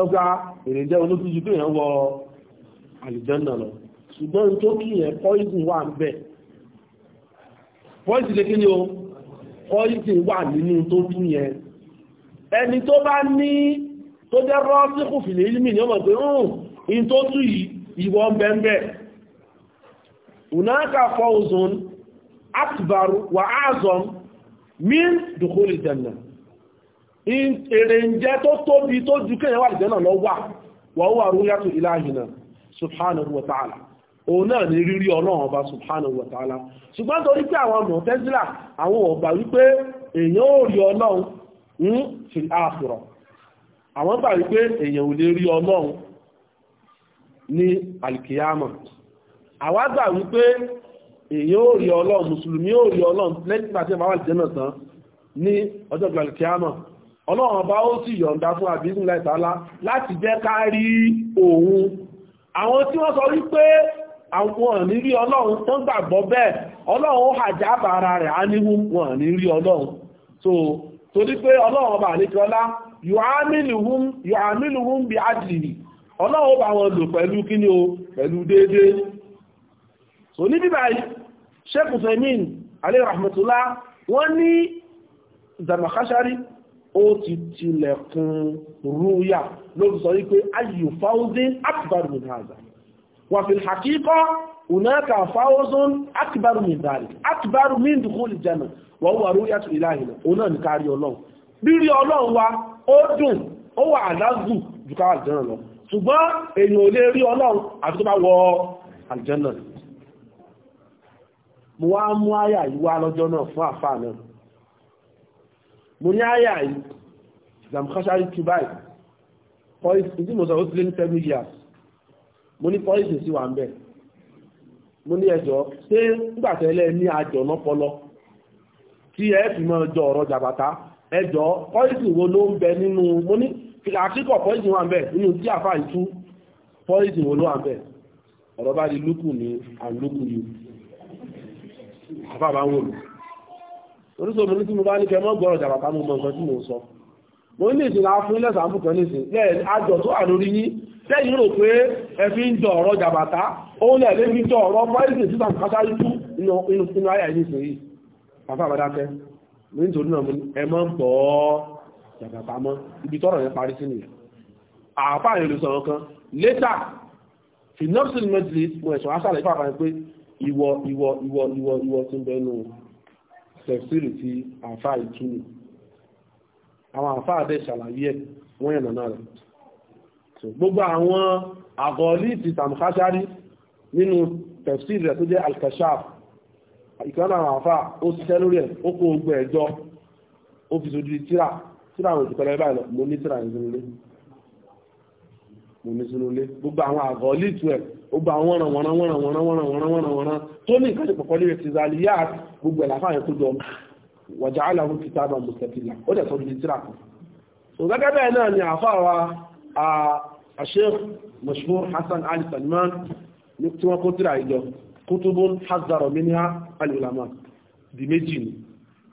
ọgbà èrè ń jẹ́ wo ló tún jù pé èèyàn wọ àlìjẹ́nà lọ ṣùgbọ́n tó kí yẹn poison wà ń bẹ̀ poison lè kí ni o poison wà nínú tó kí yẹn ẹni tó bá ní tó jẹ́ rọ́ sí kùfìlì ilmi ni ó pé in tó tú yìí ìwọ bẹ́ẹ̀bẹ́ unaka fawzun akbar wa azam min dukhul janna in èrè ń jẹ́ tó tóbi tó ju kẹ́yẹ̀ wa ta'ala òun náà ní rírí ọlọ́run ọba subhanahu wa ta'ala ṣùgbọ́n torí pé àwọn ọmọ tẹ́sílà àwọn ọ̀gbà wípé èèyàn ò rí ọlọ́run ń fi àfùrọ̀ àwọn gbà wípé èèyàn ò lè rí ọlọ́run ní alkiyama àwágbà wípé èyí ó rí ọlọ́run mùsùlùmí ó rí ọlọ́run lẹ́yìn pàtí àwọn àlìjẹ́nà tán ní ọjọ́ ìgbà alkiyama ọlọ́run ọba ó sì yọ̀ǹda fún àbísùn láìtàlá láti jẹ́ ká rí òun àwọn tí wọ́n sọ wípé àwọn ànírí ọlọ́run tó ń gbàgbọ́ bẹ́ẹ̀ ọlọ́run ó hàjá bàára rẹ̀ á níhú wọn ànírí ọlọ́run so torí pé ọlọ́run ọba àlejò ọlá yóò ámìlùhún bí ájìlì ọlọ́wọ́ bá wọn lò pẹ̀lú kíní o pẹ̀lú déédé so ní bíbá Sheikh Uthaymeen alayhi rahmatullah wọ́n ní Zamakhshari ó ti tilẹ̀kùn rúyà ló sọ wípé ayyu fawzin akbar min hadha wa fil haqiqa hunaka fawzun akbar min dhalik akbar min dukhul al-jannah wa huwa ru'yatu ilahina òun náà ní kárí ọlọ́run bí rí ọlọ́run wa ó dùn ó wà àdágùn jù káwà lọ ṣùgbọ́n èyàn ò lè rí ọlọ́run àti tó bá wọ àlìjẹ́nà mo wá mú àyà yìí wá lọ́jọ́ náà fún àfà náà mo ní àyà yìí zamkhashari tubai police ìdí mo sọ ó sílé ní seven years mo ní police sí wà ń bẹ̀ mo ní ẹjọ́ ṣé nígbàtẹ́lẹ̀ ní àjọ lọ́pọlọ tí ẹ fi mọ́ ọjọ́ ọ̀rọ̀ jàbàtà ẹjọ́ police wo ló ń bẹ nínú mo ní àkíkọ̀ pọ́ìsì wà bẹ́ẹ̀ nínú tí àfà ìtú pọ́ìsì wọ́n ló wà bẹ́ẹ̀ ọ̀rọ̀ bá di lúkù ní àlúkù yìí àfà bá ń wò mí oríṣi omi tí mo bá ní kẹmọ́ gbọ́rọ̀ jàbàtà mo mọ nǹkan tí mo sọ mo ní ìsìn àfún ilẹ̀ sàmù kan nísìn lẹ́ẹ̀ àjọ tó lẹ́yìn rò pé ẹ ń jọ ọ̀rọ̀ jàbàtà òun lẹ̀ lẹ́fi jọ ọ̀rọ̀ fọ́ìsì sísà kátà yíkú inú ayà yìí sìn yìí àfà bá nítorí náà ẹ mọ́ jàgbà pamọ́ ibi tọ́rọ̀ yẹn parí sí nìyẹn àáfà yẹn lè sọ̀rọ̀ kan létà finopsin medley mo ẹ̀sùn asàlẹ̀ fàfà yẹn pé ìwọ ìwọ ìwọ ìwọ ìwọ ti ń bẹnu tẹ̀síìrì ti àáfà ìtúnu àwọn àáfà àdẹ ṣàlàyé ẹ̀ wọ́n yẹn nàná rẹ̀ gbogbo àwọn àgọ́lì ti tàmùkáṣárí nínú tẹ̀síìrì rẹ̀ tó jẹ́ alkashaf ìkan náà àwọn àáfà ó ṣiṣẹ́ lórí ẹ̀ ó kó gbogbo ó fi sojú tíra tíra àwọn òtùkọ́ lẹ́yìn báyìí mo ní tíra nínú ilé mo ní sínú ilé gbogbo àwọn àgọ́ líìtù ẹ̀ gbogbo àwọn wọ́nà wọ́nà wọ́nà wọ́nà wọ́nà wọ́nà wọ́nà wọ́nà tó ní ìkànnì pọ̀pọ̀ lórí ti zàlì yá gbogbo ẹ̀ láfáà yẹn tó jọ wọ̀jà aláwọ̀ ti sábà mùsẹ̀tìlà ó dẹ̀ sọ́dún ní tíra kan. so gẹ́gẹ́ bẹ́ẹ̀ náà ni àfáà wa Sheikh Mashhur Hassan Ali Salman tí wọ́n kó tíra ìjọ kútùbùn hazara minha al di méjì ni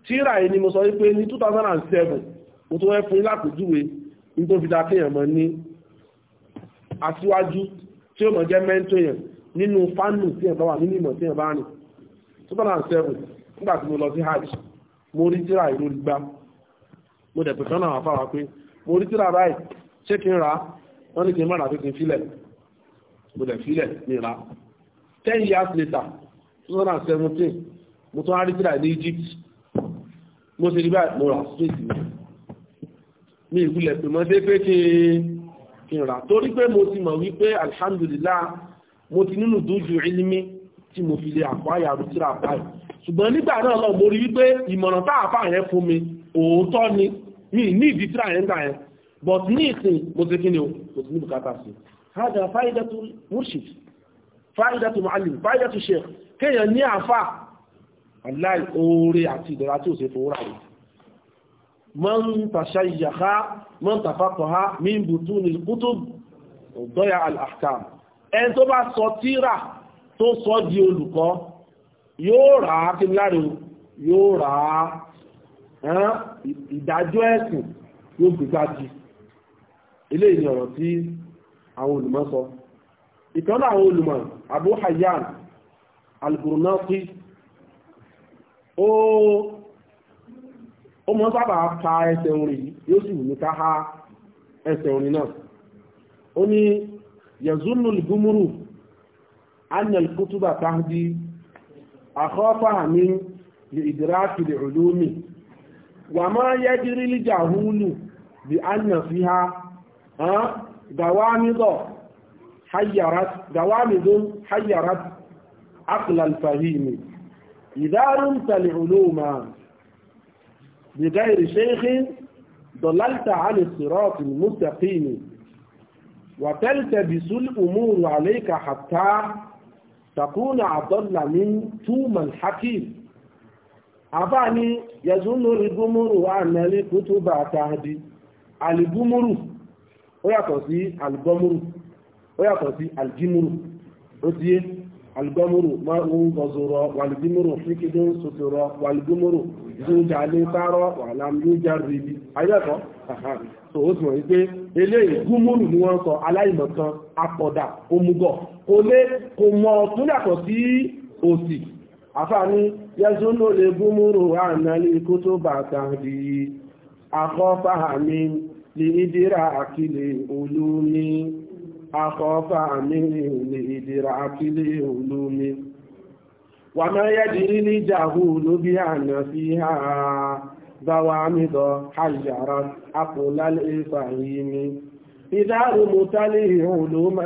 tíra yìí ni mo sọ wípé ní 2007 mo tó wẹ́ fún lápòjúwe ní tó fi da kéèyàn mọ́ ní aṣíwájú tí ó mọ̀ jẹ́ mẹ́ńtò yẹn nínú fánù tí ẹ̀ bá wà nínú ìmọ̀ tí ẹ̀ bá rìn 2007 nígbà tí mo lọ sí hajj mo rí tíra ìlú gbá mo dẹ̀ pẹ̀tọ́ náà fáwà pé mo rí tíra báyìí ṣé kí n ra wọ́n ní kí n má rà pé kí n filẹ̀ mo dẹ̀ filẹ̀ ní ra 10 years later 2017 mo tún á rí tíra ní Egypt mo sì rí báyìí mo rà straight mi ìwúlẹ̀ pè mọ́ dé pé kí n rà torí pé mo ti mọ̀ wípé alhamdulillah mo ti nínú dójú ilimi tí mo fi lè àpáyà rútíra báyìí ṣùgbọ́n nígbà náà lọ mo rí wípé ìmọ̀ràn táàfà yẹn fún mi òótọ́ ni mi ní ìdí tíra yẹn gbà yẹn but ní ìsìn mo ti kí ni o mo ti ní bùkátà sí hada fáìdàtú murshid fáìdàtú muallim fáìdàtú sheikh kéèyàn ní àfà aláì oore àti ìdọ̀rà tí ò ṣe fowó rà yìí من تشيخ من تفقه من بطون الكتب ضيع الأحكام ẹn tó bá sọ tírà tó sọ di olùkọ́ yóò rà á kí láàrin yóò rà á ìdájọ́ ẹ̀sìn yóò gbígbá jì ilé ìní ọ̀rọ̀ tí àwọn olùmọ̀ sọ ìkànnà àwọn olùmọ̀ Abu Hayyan al-Gurnati ó ó mọ́ sábà ka ẹsẹ̀ orin yìí yóò sì wù ní ká há ẹsẹ̀ orin náà ó ní yẹ̀zúnú lùgúmúrù anel kútúbà táhdí àkọ́fà mi ìdíráàkì ìlúmi wà máa yẹ́ jírí lìjà húlù bí anel fi ha dawamidun hayyarat akhlal idarun tali uluma بغير شيخ ضللت عن الصراط المستقيم وتلتبس الأمور عليك حتى تكون أضل من توم الحكيم أباني يظن الجمهور أن الكتب تهدي الجمهور ó yàtọ̀ sí alìgọ́múrù ó yàtọ̀ sí alìgímúrù ó ti yé alìgọ́múrù máa ń gọ́zọ̀rọ̀ wàlìgímúrù zújà lè tààrọ wàhálà yóò já ayẹ́kọ́ so ó sì wọ̀n wípé eléyìí gúmúrù ni wọ́n sọ aláìmọ̀kan apọ̀dà omugọ̀ kò lè kò mọ̀ tó yàtọ̀ sí òsì àfààní yẹzúnú lè gúmúrù ànálì kó tó bàtà di akọ́fàhàmì lè ìdíra àkìlẹ̀ olómi akọ́fàhàmì lè ìdíra àkìlẹ̀ olómi wà máa yẹ́dì ní jàhù lóbi àná fi ha báwa mídọ̀ hajjara àpòlálẹ̀ ìfàyíní ìdáàrù mọ́tálẹ̀ ìhùn ló má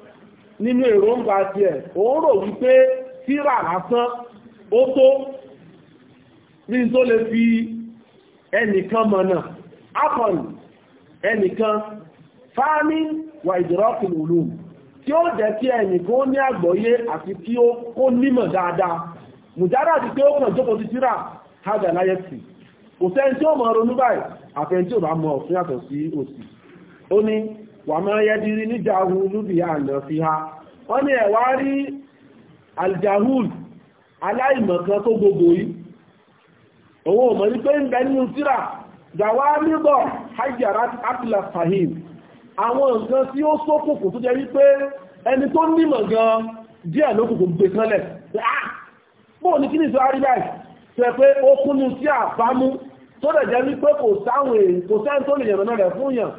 nínú èròǹgbà tiẹ̀ òun rò wípé tíra lásán ó tó ní tó lè fi ẹnìkan mọ̀nà apọ̀n ẹnìkan fáàmì wà ìdìrọ́kùn òlù tí ó jẹ́ kí ẹnìkan ó ní àgbọ́yé àti kí ó kó nímọ̀ dáadáa mùjádà ti pé ó kàn jókòó ti tíra hajj aláyẹ̀sì kò sẹ́ni tí ó mọ̀ ronú báyìí àfẹ́ni tí ò bá mọ̀ ọ̀fún yàtọ̀ sí òsì ó ní wà máa yẹ́dìrí ní jahul lúbì àná fi ha wọ́n ní ẹ̀wà rí aljahul aláìmọ̀kan tó gbogbo yìí owó ọmọ ní pé ń bẹ nínú tíra dàwà níbọ̀ hajjara atla fahim àwọn nǹkan tí ó sókùnkùn tó jẹ́ wípé ẹni tó nímọ̀ gan díẹ̀ ló kùnkùn gbé kanlẹ̀ ah, ní pé kò sáwọn èèyàn tó lè yànnà rẹ̀ fún yàn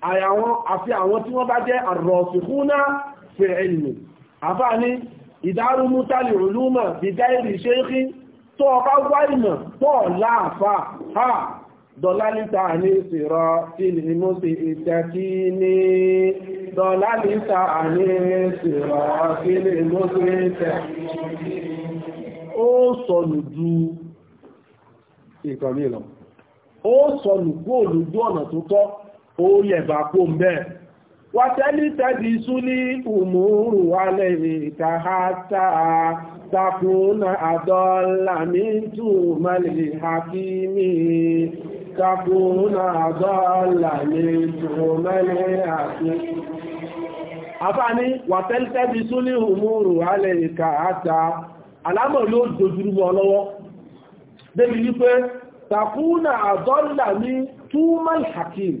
àfi àwọn tí wọ́n bá jẹ́ àrọ̀sìkúnná fẹ̀ẹ̀lì àfá ní ìdárúmútàlì olúmọ̀ bìdáìrì ṣéhí tó ọba wá ìmọ̀ pọ̀ láàfà ha dọ̀lálítà ní sírọ̀ ìlìmọ́sí ìtẹ́kí ní dọ̀lálítà ní sírọ̀ ìlìmọ́sí ìtẹ́kí ó sọnù ju ìkànnì ó sọnù kú òlùdó ọ̀nà tó tọ́ ó yẹ̀bà kó ń bẹ́ẹ̀ wà tẹ́lítẹ́dì sún ní òmùrù wálẹ̀ ìtàhátà takùnà àdọ́làmíntù mẹ́lẹ̀ hakimi takùnà àdọ́làmíntù mẹ́lẹ̀ hakimi àfáàní wà tẹ́lítẹ́dì sún ní òmùrù wálẹ̀ ìtàhátà alámọ̀ ló dojúrú mọ́ lọ́wọ́ débi wípé takùnà àdọ́làmíntù mẹ́lẹ̀ hakimi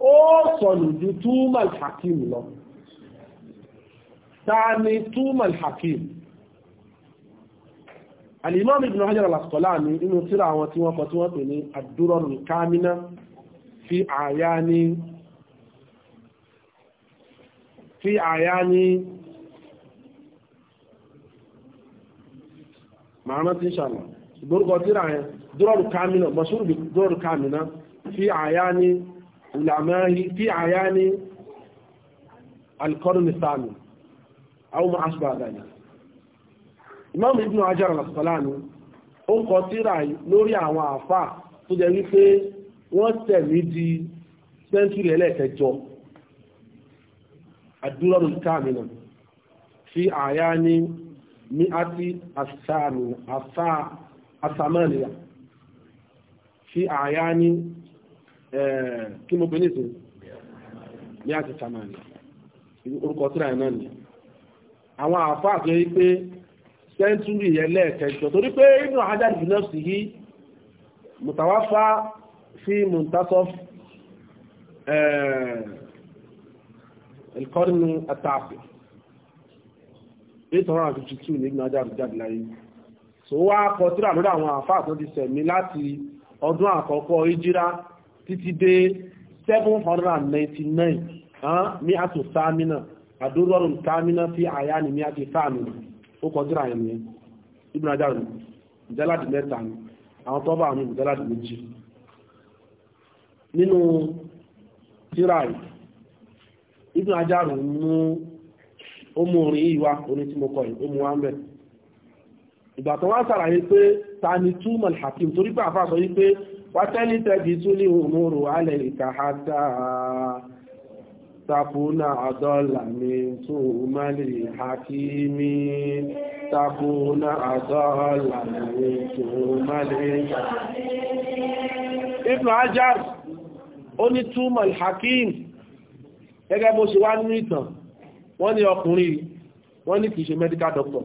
ó sọ̀nù ju túmọ̀l hakim lọ ta ni túmọ̀l hakim al-imam ibn hajar al-asqalani nínú tírà àwọn tí wọ́n kọ tí wọ́n pè ní ad-durarul kamina fi ayani fi ayani tí ṣàlọ̀ ìgbórúkọ tírà yẹn durarul kamina علماء في أعيان القرن الثامن أو ما أشبه ذلك Imam Ibn Hajar al-Asqalani ó ń kọ tírà lórí àwọn àfà tó jẹ́ wípé wọ́n tẹ̀mí di sẹ́ńtúrì ẹlẹ́ẹ̀kẹjọ àdúrọ̀rùn káàmìnà fi àyá ní ní àti àsàmìnà àsàmánìyà fi àyá ní Eh, kí mo a ti orúkọ náà ni àwọn àfáà àti yí pé sẹ́ńtúrì ẹlẹ́ẹ̀kẹjọ torí pé inú Hajar nafsi yìí mùtàwáfà fi muntasaf al-qarnu at 852 ní inú Hajar jáde láyé so wá títí dé 799 mi àtò sáàmìnà àdúrọ̀rùn sáàmìnà fi àyà ni mi àti sáàmìnà ó kọjúra ẹni Ibn Hajar ìjẹ́láàdì mẹ́ta ni àwọn tọ́bà àwọn ìjẹ́láàdì méjì nínú tíra Ibn Hajar mú ó mú orin ìwá orin tí mo kọ yìí ó mú wá ń bẹ̀ ìgbà tó wá sàlàyé pé ta ni túmọ̀ hakim torí pé àfáà sọ wípé wátẹ́lítẹ́bí tún lè hùmúrù alẹ́ ìkàhátà takuna adọ́là mi tó mẹ́lì hakimi takuna adọ́là mi tó mẹ́lì Ibn Hajar ó ní túmọ̀ hakim gẹ́gẹ́ bó ṣe wá nínú ìtàn wọ́n ní ọkùnrin wọ́n ní kìí ṣe medical doctor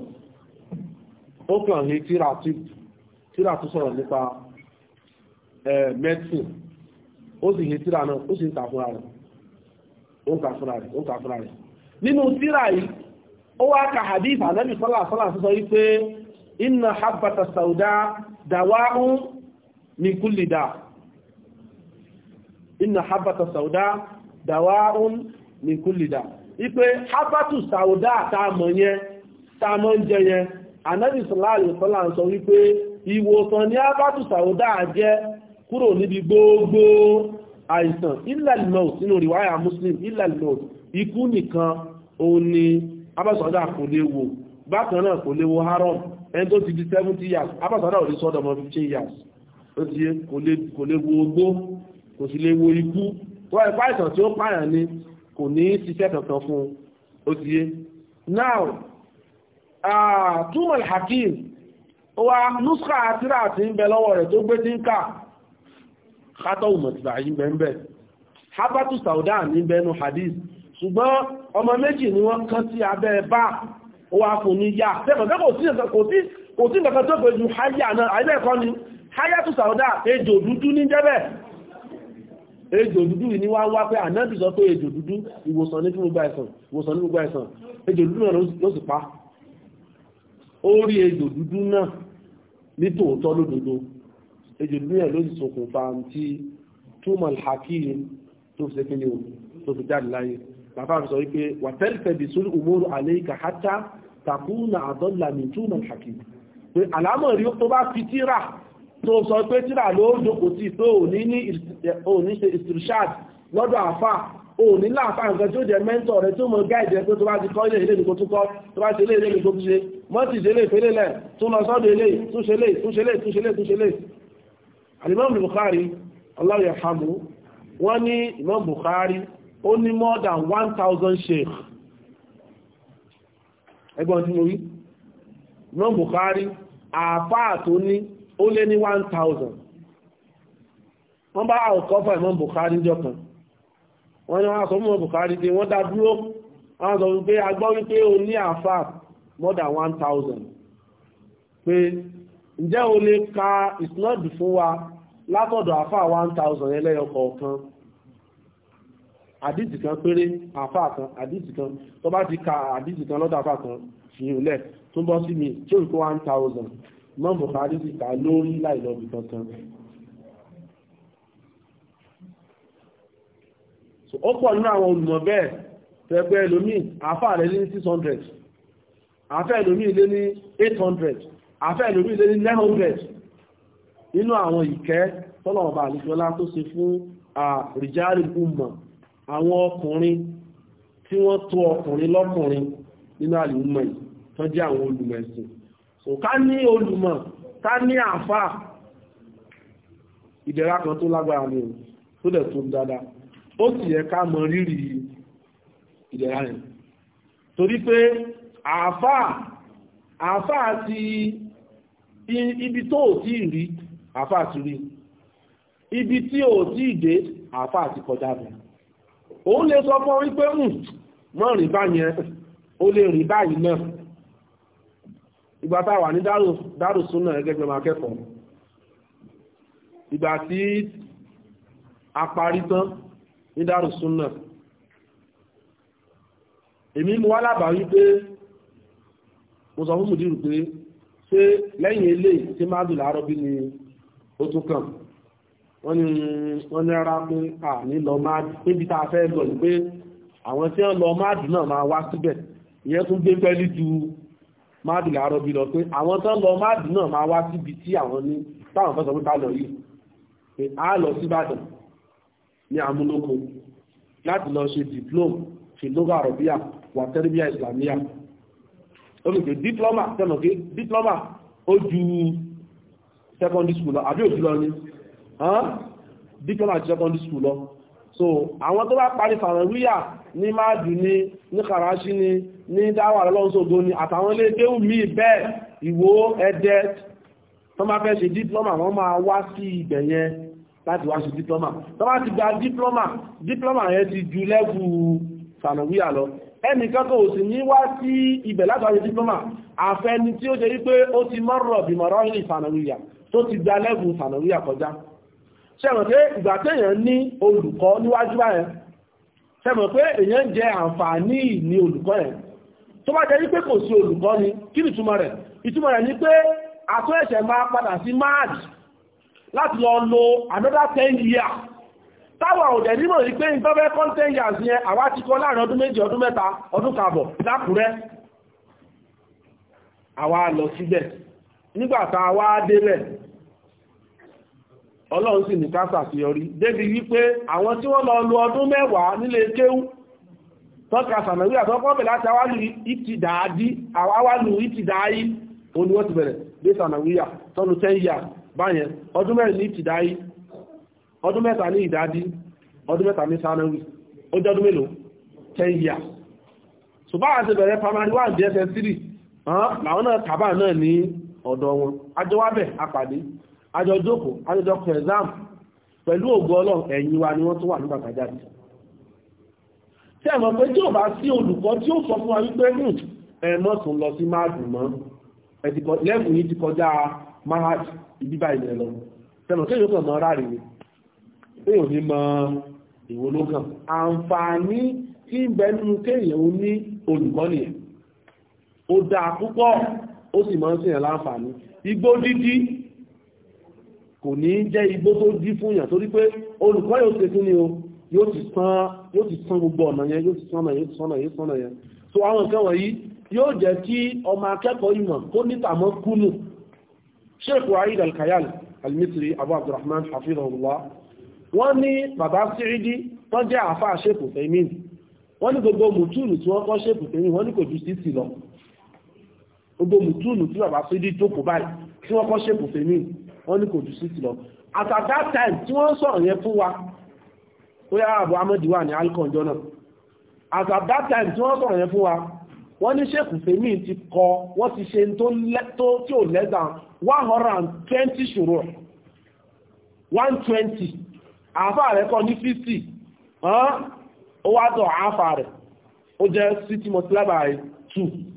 ó kàn ní tíra sọ̀rọ̀ nípa medicine ó sì ṣe tíra náà ó sì ń kà fúnra rẹ̀ ó ń kà fúnra rẹ̀ ó ń kà fúnra rẹ̀ nínú tíra yìí ó wá ka hadith anabi sọ́lá sọ́lá sọ́sọ́ da ipe habatu sauda ta mọ̀ yẹn tá mọ̀ ń jẹ yẹn anabi sọ́lá sọ́lá sọ wípé ìwòsàn habatu sauda kúrò níbi gbogbo àìsàn ilal-maut nínú riwaya muslim ilal-maut ikú nìkan òun ni abásọ́dá kò lè wò bákan náà kò lè wo haram ẹni tó ti di 70 years abásọ́dá ò lè sọ́dọ̀ mọ́ 15 years ó ti kò lè wo ogbó kò sì lè wo ikú tó wáyé pàìsàn tí ó pààyàn ni kò ní ṣiṣẹ́ kankan fún ó ti yé now ah, túmọ̀ hakim wa nuska àtìrà àti ń bẹ lọ́wọ́ rẹ̀ tó gbé tí ń kà kátọ́wù mọ̀tìbàáyí bẹ̀m̀bẹ̀ habatu sauda ní bẹnu hadith ṣùgbọ́n ọmọ méjì ni wọ́n kán sí abẹ́ bá wà fún ní yá tẹ́kọ̀ọ́ kò sí nǹkan tó pẹ̀lú háyà ni háyàtù sauda ejò dúdú ní ni wá wá pé ànábì sọ pé ejò dúdú ìwòsàn ní gbogbo àìsàn ìwòsàn ní gbogbo àìsàn ejò dúdú náà pa ó rí ejò dúdú náà ní tòótọ́ ejò lóyẹ̀ ló sì ṣokùnfà tí túmọ̀ hakim tó fi ṣẹ́kẹ́lẹ́ o tó fi jáde láyé bàbá mi sọ wípé wà tẹ́lifẹ̀ bí sórí umoru àlẹ́kà hátà takuna àdọ́là ní túmọ̀ hakim pé àlámọ̀ rí tó bá fi tíra tó sọ pé tíra ló jókòó sí pé òní ṣe istirshad lọ́dọ̀ àfà o ní láàfà nǹkan tí ó jẹ mẹ́ntọ̀ rẹ̀ tí ó mọ̀ gáìdì ẹgbẹ́ tó bá ti kọ́ ilé ilé nìkan tó kọ́ tó bá ṣe ilé ilé nìkan tó ṣe mọ́tì ṣe lè tó lọ sọ́dọ̀ ilé túnṣẹlẹ̀ túnṣẹlẹ̀ túnṣẹlẹ̀ alimọ́mù Bukhari Allah yarhamu wọ́n ní Imam Bukhari ó ní more than one thousand sheikh ẹgbọ́n tí mo rí Imam Bukhari àfáà tó ní ó lé ní one thousand wọ́n bá àwọ̀kọ́ fà Imam Bukhari jọ kan wọ́n ní wọ́n sọ fún Imam Bukhari pé wọ́n dá dúró wọ́n sọ pé agbọ́ wípé ó ní àfáà more than one thousand pé ǹjẹ́ o lè ka ìsinádì fún wa látọ̀dọ̀ àfà 1000 ẹlẹ́yọ kọ̀ọ̀kan àdìsì kan péré àfà kan àdìsì kan tó bá ti ka àdìsì kan lọ́dọ̀ àfà kan fi ìrìnlẹ̀ tó bọ́ sí mi tí ó kó 1000 mọ́mù àdìsì ká lórí láìlọ́bì kankan ó pọ̀ nínú àwọn olùmọ̀ bẹ́ẹ̀ tẹ́gbẹ́ ẹlòmíì àfà rẹ̀ lé ní 600 àfà ẹlòmíì lé ní 800 àfà ẹlòmíì lé ní 900 nínú àwọn ìkẹ́ tọ́lọ̀ọ̀bà àlìṣọ́lá tó ṣe fún àrìjárì umma àwọn ọkùnrin tí wọ́n tó ọkùnrin lọ́kùnrin nínú àlìmọ̀ yìí tán jẹ́ àwọn olùmọ̀ ẹ̀sìn so ká ní olùmọ̀ ká ní àfà ìdẹ̀ra kan tó lágbára ni tó dẹ̀ tó dáadáa ó sì yẹ ká mọ rírì ìdẹ̀ra yẹn torí pé àfà àfà ti ibi tó ò tí ì àfáà ti rí ibi tí ò tí ìdé àfáà ti kọjá bẹ̀ òun lè sọ fún wípé mọ́ hmm, rìn báyẹn ó lè rìn báyìí náà ìgbà tá a wà ní dárùsúnà ẹgbẹ́gbẹ́ máa kẹ́kọ̀ọ́ ìgbà tí a parí tán ní dárùsúnà èmi mú wá lábàá wípé mo sọ fún mùdírù pé ṣé lẹ́yìn eléyìí tí máa dùn láàárọ̀ bí ni ó tún kàn wọ́n ní wọ́n ní ara pé à ní lọ máàdì níbi tá a fẹ́ lọ ní pé àwọn tí wọ́n lọ máàdì náà máa wá síbẹ̀ ìyẹn tún gbé pẹ́lú ju máàdì làárọ̀ bí lọ pé àwọn tí wọ́n lọ máàdì náà máa wá síbi tí àwọn ní táwọn fẹ́ sọ pé lọ yìí pé a lọ síbàdàn ní amúlòkó láti lọ ṣe diploma filoga arabia wà tẹ́rẹ́bíà islamia olùgbé diploma tẹ́mọ̀ pé diploma ó ju secondary school lọ àbí òjú lọ ní deacon àti secondary school lọ so àwọn tó bá parí fàrànwíyà ní máàdù ní ní kàràṣí ní ní dáwà lọ́nṣogbo ní àtàwọn ilé kéwù mí bẹ́ẹ̀ ìwò ẹ̀dẹ́ tó máa fẹ́ ṣe diploma wọ́n máa wá sí ibẹ̀ yẹn láti wá ṣe diploma tó bá ti gba diploma diploma yẹn ti ju lẹ́bù fàrànwíyà lọ ẹnìkan kò sì ní wá sí ibẹ̀ láti wá ṣe diploma àfẹni tí ó ṣe wípé ó ti mọ́rọ̀ bìmọ̀rọ̀ ìfàrànwíyà tó ti gba lẹ́bùn sànàwíyà kọjá ṣẹ́mọ̀ pé ìgbà téèyàn ní olùkọ́ níwájú báyẹn ṣẹ́mọ̀ pé èyàn ń jẹ àǹfààní ní olùkọ́ tó bá jẹ́ wípé kò sí olùkọ́ ni kí ni rẹ̀ ìtumọ̀ rẹ̀ ni pé àtún ẹ̀ṣẹ̀ máa padà sí march láti lọ lo another ten years táwọn nímọ̀ nígbàtà wá débẹ̀ ọlọ́run sì ní kásà sí yọrí débi wípé àwọn tí wọ́n lọ lu ọdún mẹ́wàá nílé kéwú tọ́ka sàmẹ̀wí àtọ́kọ́bẹ̀ láti awálù ìtìdáadí awálù ìtìdáayí òní wọ́n bẹ̀rẹ̀ dé sàmẹ̀wíyà tọ́nu 10 báyẹn ọdún mẹ́rin ní ìtìdáayí ọdún mẹ́ta ní ìdáadí ọdún mẹ́ta 10 ní ọ̀dọ̀ wọn ajọwábẹ̀ apàdé ajọjókò ajọjọkọ̀ exam pẹ̀lú ògo Ọlọ́run ẹ̀yìn wa ni wọ́n tún wà nígbà kájáde tí ẹ̀mọ̀ pé tí ò bá sí olùkọ́ tí ó sọ fún wa wípé nù hmm, ẹ̀mọ́ tún lọ sí máàdùn mọ́ lẹ́gùn yìí ti kọjá máàdù ìbíbá ilẹ̀ lọ tẹ̀mọ̀ kéèyàn kàn mọ́ ráre ni èèyàn ní mọ ìwò ló kàn àǹfààní tí ń bẹ nínú kéèyàn ó ní olùkọ́ nìyẹn ó dáa púpọ̀ ó sì máa ń sèyàn láǹfààní igbó dídí kò ní jẹ́ igbó tó dí fún yàn torí pé olùkọ́ yóò ṣe kíni o yóò ti sán yóò ti sán gbogbo ọ̀nà yẹn yóò ti sán yóò ti sán yóò ti sán yẹn so àwọn nǹkan wọ̀nyí yóò jẹ́ kí ọmọ akẹ́kọ̀ọ́ ìmọ̀ kó nítàmọ́ kúnnù sheikh wa'id al-kayal al-misri abu abdulrahman hafizahullah wọ́n ní bàbá sírídí wọ́n jẹ́ àfáà sheikh fẹ́mìn wọ́n ní gbogbo mùtúlù tí wọ́n kọ́ sheikh fẹ́mìn wọ́n ní kò ju sí sí lọ gbogbo mùtúùnù tí bàbá sí díjókòó báyìí tí wọ́n kọ́ ṣèpù fèmí wọ́n ní kò jù sí lọ at that time tí wọ́n sọ̀rọ̀ yẹn fún wa ó yá àbọ̀ amẹ́dì wà ní alcon jọ náà at that time tí wọ́n sọ̀rọ̀ yẹn fún wa wọ́n ní ṣèpù fèmí ti kọ wọ́n ti ṣe tó tí ò lẹ́dà 120 ṣòro 120 àfà rẹ̀ kọ ní 50 ó wá tọ̀ àfà rẹ̀ ó jẹ́ 60 multiplied by 2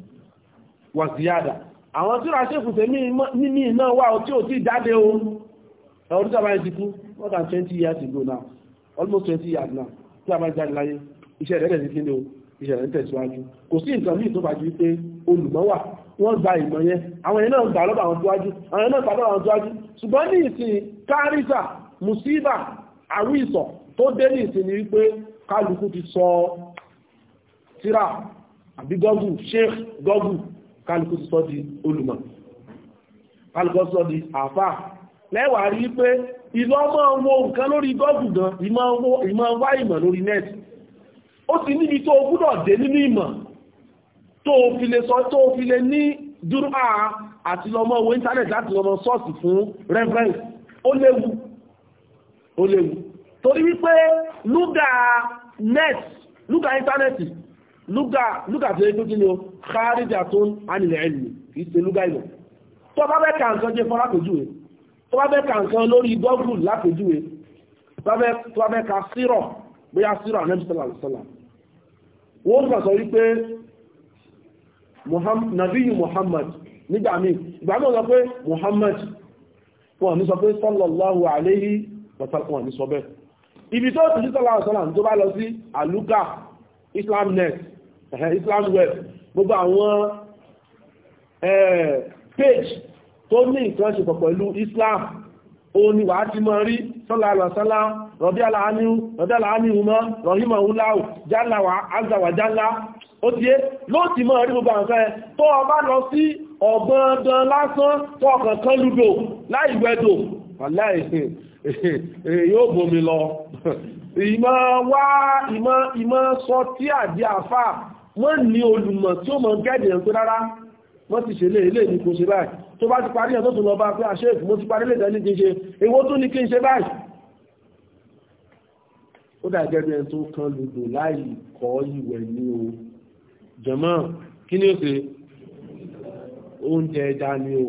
wà ziyada àwọn tíra ṣéfù tèmi níní iná wà tí ò tí jáde o ọdún tí a bá ń dikú more than 20 years ago now almost 20 years now tí a bá ń jáde láyé iṣẹ́ rẹ̀ tẹ̀sí kíni o iṣẹ́ rẹ̀ tẹ̀síwájú kò sí nǹkan míì tó bá ju pé olùmọ̀ wà wọ́n gba ìmọ̀ yẹn àwọn yẹn náà gbà lọ́dọ̀ àwọn tíwájú àwọn yẹn náà gbà lọ́dọ̀ àwọn tíwájú ṣùgbọ́n ní ìsìn kárísà mùsíbà àwíìsọ̀ tó dé ní ìsìn ni wípé kálukú ti sọ tíra àbí gọ́gù sheikh gọ́gù kálukú ti sọ di olùmọ̀ kálukú sọ di àfà lẹ́wàá rí pé ìlọ máa ń wo nǹkan lórí gọ́ọ̀gù gan ìmọ̀ wá ìmọ̀ lórí nẹ́ẹ̀tì ó ti níbi tó gbúdọ̀ dé nínú ìmọ̀ tó fi lè sọ tó fi lè ní dúró àti lọmọ owó íńtánẹ̀tì láti lọmọ sọ́ọ̀sì fún reference ó léwu ó léwu torí wípé lúgà net lúgà internet lúgà lúgà tó yẹ kí ni o kárìjà tó ń anìlẹ̀ ẹ̀lì kì í ṣe lúgà ìlọ tó bá bẹ́ ka nǹkan jẹ fún lápèjúwe tó bá bẹ́ ka nǹkan lórí Google lápèjúwe tó bá bẹ́ ka sírọ̀ bóyá sírọ̀ anẹ́bísọ̀lá àlùsọ̀lá wọ́n kàn sọ wípé nàbíyù Muhammad nígbà míì ìgbà náà sọ pé Muhammad wọn ní sọ pé sallallahu alayhi wa sallam wọn ní sọ bẹ́ẹ̀ ibi tó ti sí sọ́lá àlùsọ̀lá tó bá lọ sí àlúgà Islam next Islam web gbogbo àwọn page tó ní nǹkan ṣe pọ̀ pẹ̀lú Islam òun ni wàá ti mọ́ rí sọ́lá àlọ́sọ́lá rọ̀bíàlá áníhù rọ̀bíàlá áníhù mọ́ rọ̀hímọ̀ ńláhù jálà wà ágbàwà jálà ó ti é ló ti mọ́ rí gbogbo àwọn ẹ̀ tó ọba lọ sí ọ̀gbọ̀ndàn lásán tó ọkànkan lúdò láì wẹ́dò aláìsìn (laughs) yóò bomi lọ (laughs) ìmọ̀ wá ìmọ̀ sọ tí àdí àfáà wọ́n ní olùmọ̀ tí ó mọ̀ gẹ́ẹ̀dẹ̀ ẹ̀kọ́ rárá wọ́n ti ṣe léèlé ní kò ṣe báyìí tó bá ti parí ẹ̀ tó tún lọ bá pé àṣẹ ah, ìfún mo ti parí lè tẹ́lẹ̀ kí n ṣe èwo tó ní kí n ṣe báyìí ó dà gẹ́gẹ́ tó kan lùdò láì kọ́ ìwẹ̀ ní o jọmọ́ kí ni ó ṣe oúnjẹ ẹja ni o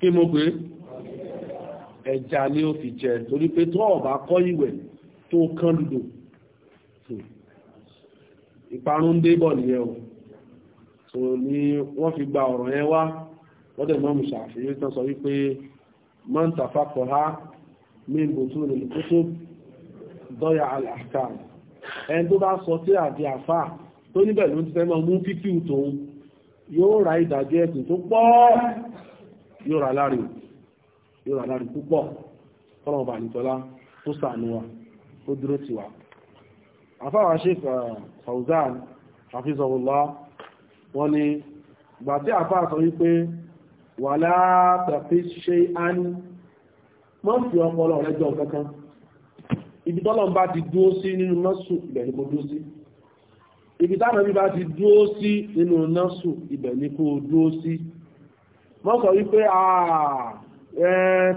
kí mo pé ẹja ni ó fi jẹ torí pé tó kan lùdò ìparun débọ̀ nìyẹn o so ni wọ́n fi gba ọ̀rọ̀ yẹn wá lọ́dọ̀ Ìmáàmù Ṣàfi'í tán sọ wípé man tafaqqaha min butunil kutub dọ́yà al-ahkam ẹni tó bá sọ tí àti àfà tó níbẹ̀ ló ti fẹ́ mọ́ mú fífíù tóun yóò ra ìdájọ́ ẹ̀sìn tó pọ̀ yóò ra láàrin yóò ra láàrin púpọ̀ kọ́lọ̀ ọba àlìtọ́lá tó ṣàánú wa tó dúró tì wá afáwà sheik uh, Fauzan hafizahullah wọ́n ni gbà tí àfáà sọ wípé wà látàfí ṣe án mọ́ sí ọpọlọ rẹjọ kankan ibi tọ́lọ̀ bá ti dúó sí nínú nọ́sù ibẹ̀ ni kò dúó sí ibi táwọn ibi bá ti dúó sí nínú nọ́sù ibẹ̀ ni kò dúó sí mọ́ sọ wípé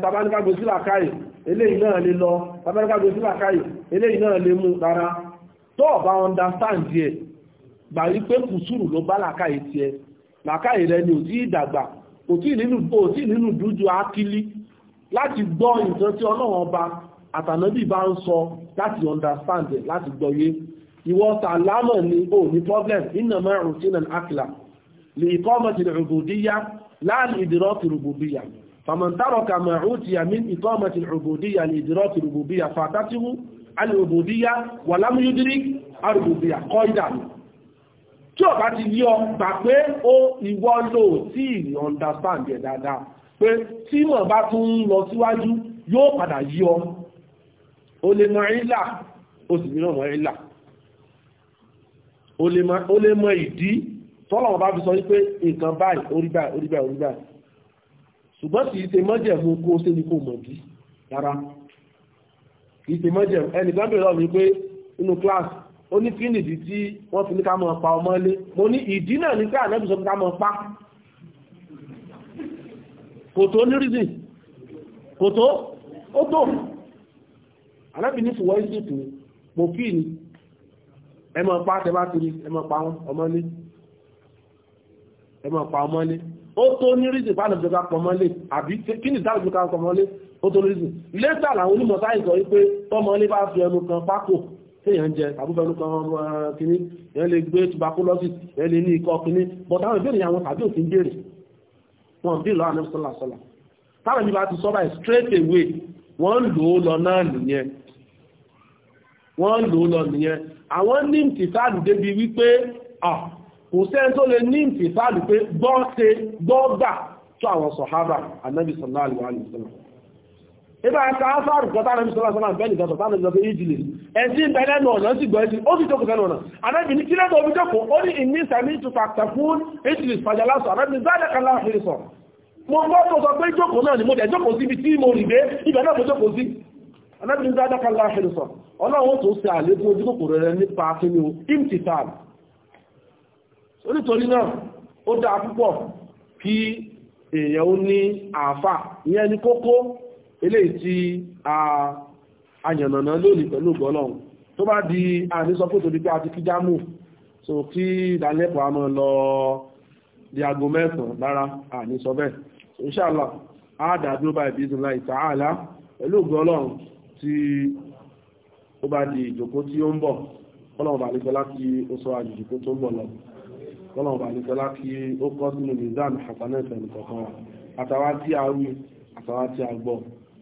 tàbáníkàgbèsílà káyì eléyìí náà lè lọ tàbáníkàgbèsílà káyì eléyìí náà lè mú tó ọ̀bá understand yẹ gbà rí pé kùsùrù ló bá làkàyè tiẹ̀ làkàyè rẹ ni ò tí ì dàgbà kò tí ì nínú dújú akílí láti gbọ́ nǹkan tí ọlọ́run ọba àtànábì bá ń sọ láti understand ẹ̀ láti gbọ́yé ìwọ sàlámọ̀ ni ó ní problem iná mẹ́rin sínú àkìlà lè kọ́ ọmọ ti rògbòdíyá láàrin ìdìrọ́ ti rògbòdíyà fàmọ̀ntàrọ̀ kàmẹ̀rún ti àmì ìkọ́ ọmọ ti rògbòdíyà lè ìdìrọ́ ti rògbòdíyà alòbòdíyá wà lámúyúdírí alòbòdíyà kọ́ ìdàmù tí ó bá ti yí ọ gbà pé ó ìwọ lò tí ìrì understand ẹ̀ dáadáa pé tí mọ̀ bá tún ń lọ síwájú yóò padà yí ọ o lè mọ ìlà o sì mìíràn mọ ìlà o lè mọ ìdí tọ́lọ̀wọ̀n bá fi sọ wípé nǹkan báyìí orí báyìí orí ṣùgbọ́n kì í ṣe mọ́jẹ̀mú kó ṣe ní kò mọ̀ bí rárá kìí ṣe mọ́jẹ̀mú ẹnì kan bèrè lọ́wọ́ mi pé nínú kíláàsì ó ní kí nìdí tí wọ́n fi ní ká mọ̀ pa ọmọ lé mo ní ìdí náà ní pé ànábì sọ pé ká mọ̀ pa kò tó ní rízì kò tó ó tó ànábì ní fùwọ́ ìṣètò mo kí ni ẹ mọ̀ pa tẹ bá ti rí ẹ mọ̀ pa ọmọ lé ẹ mọ̀ pa ọmọ lé ó tó ní rízì bá ànábì sọ pé ká pọ̀ ọmọ lé àbí kí nìdí ànábì ó tó lórí lẹ́tà làwọn onímọ̀ sáyẹ̀ sọ wípé tọ́mọ ilé bá fi ẹnu kan pákó téèyàn jẹ àbúfẹ́nu kan uh, kìíní èèyàn lè gbé tuberculosis èèyàn lè ní ikọ́ kìíní but àwọn ìbéèrè àwọn tàbí òfin béèrè wọn bí lọ́wọ́ àmì sọ́là sọ́là táwọn ìbí bá ti sọ́bà straight away wọ́n lò ó lọ náà nìyẹn wọ́n lò ó lọ nìyẹn àwọn ní ìtìsáàlù débi wípé kò sẹ́ni tó lè ní ìtìsáàlù pé gbọ́ ṣe gbọ́ gbà tó àwọn sọ̀hábà ànábì sallallahu alaihi wasallam nígbà ẹ̀ka áfáàrù kan tánà mísọ́lá sọ́lá bẹ́ẹ̀lì kan sọ̀tánà lọ sí ìjìlẹ̀ ẹ̀sí ìbẹ̀lẹ̀ náà ọ̀nà sì gbọ́ẹ̀sí ó sì jókòó sẹ́nu ọ̀nà anábì ní kílẹ̀ tó fi jókòó ó ní ìní sàmì ìtùpà tẹ̀fún ìjìlẹ̀ fàjálásọ̀ anábì záàdà kan láàfin sọ mo gbọ́ tó sọ pé jókòó náà ni mo dẹ̀ jókòó sí mo rì dé ibẹ̀ mo jókòó sí anábì záàdà kan láàfin sọ ọlọ́run tó ṣe àlékún ojú kòkòrò rẹ nípa kíni o imtitan onítorí náà ó dáa púpọ̀ kí èèyàn ó ní àáfà ìyẹn eléyìí tí a yànnàná lónìí pẹ̀lú ọgbọ́lọ́run tó bá di àníṣọ́pọ̀ tó di a ti kíjámù so kí ìdánilẹ́kọ̀ọ́ a máa lọ di aago mẹ́sàn-án lára àníṣọ́ bẹ́ẹ̀ inshallah a dàdúró bá ìbísùn láì tààlà pẹ̀lú ọgbọ́lọ́run tí ó bá di ìjòkó tí ó ń bọ̀ kọ́lọ̀wọ̀n bá nífẹ́ láti ó sọ àjòjìkó tó ń bọ̀ lọ kọ́lọ̀wọ̀n bá nífẹ́ láti ó kọ́ sínú nìzán àtàlẹ́fẹ̀ẹ́ nìkọ̀kan àtàwá tí a rí àtàwá tí a gbọ́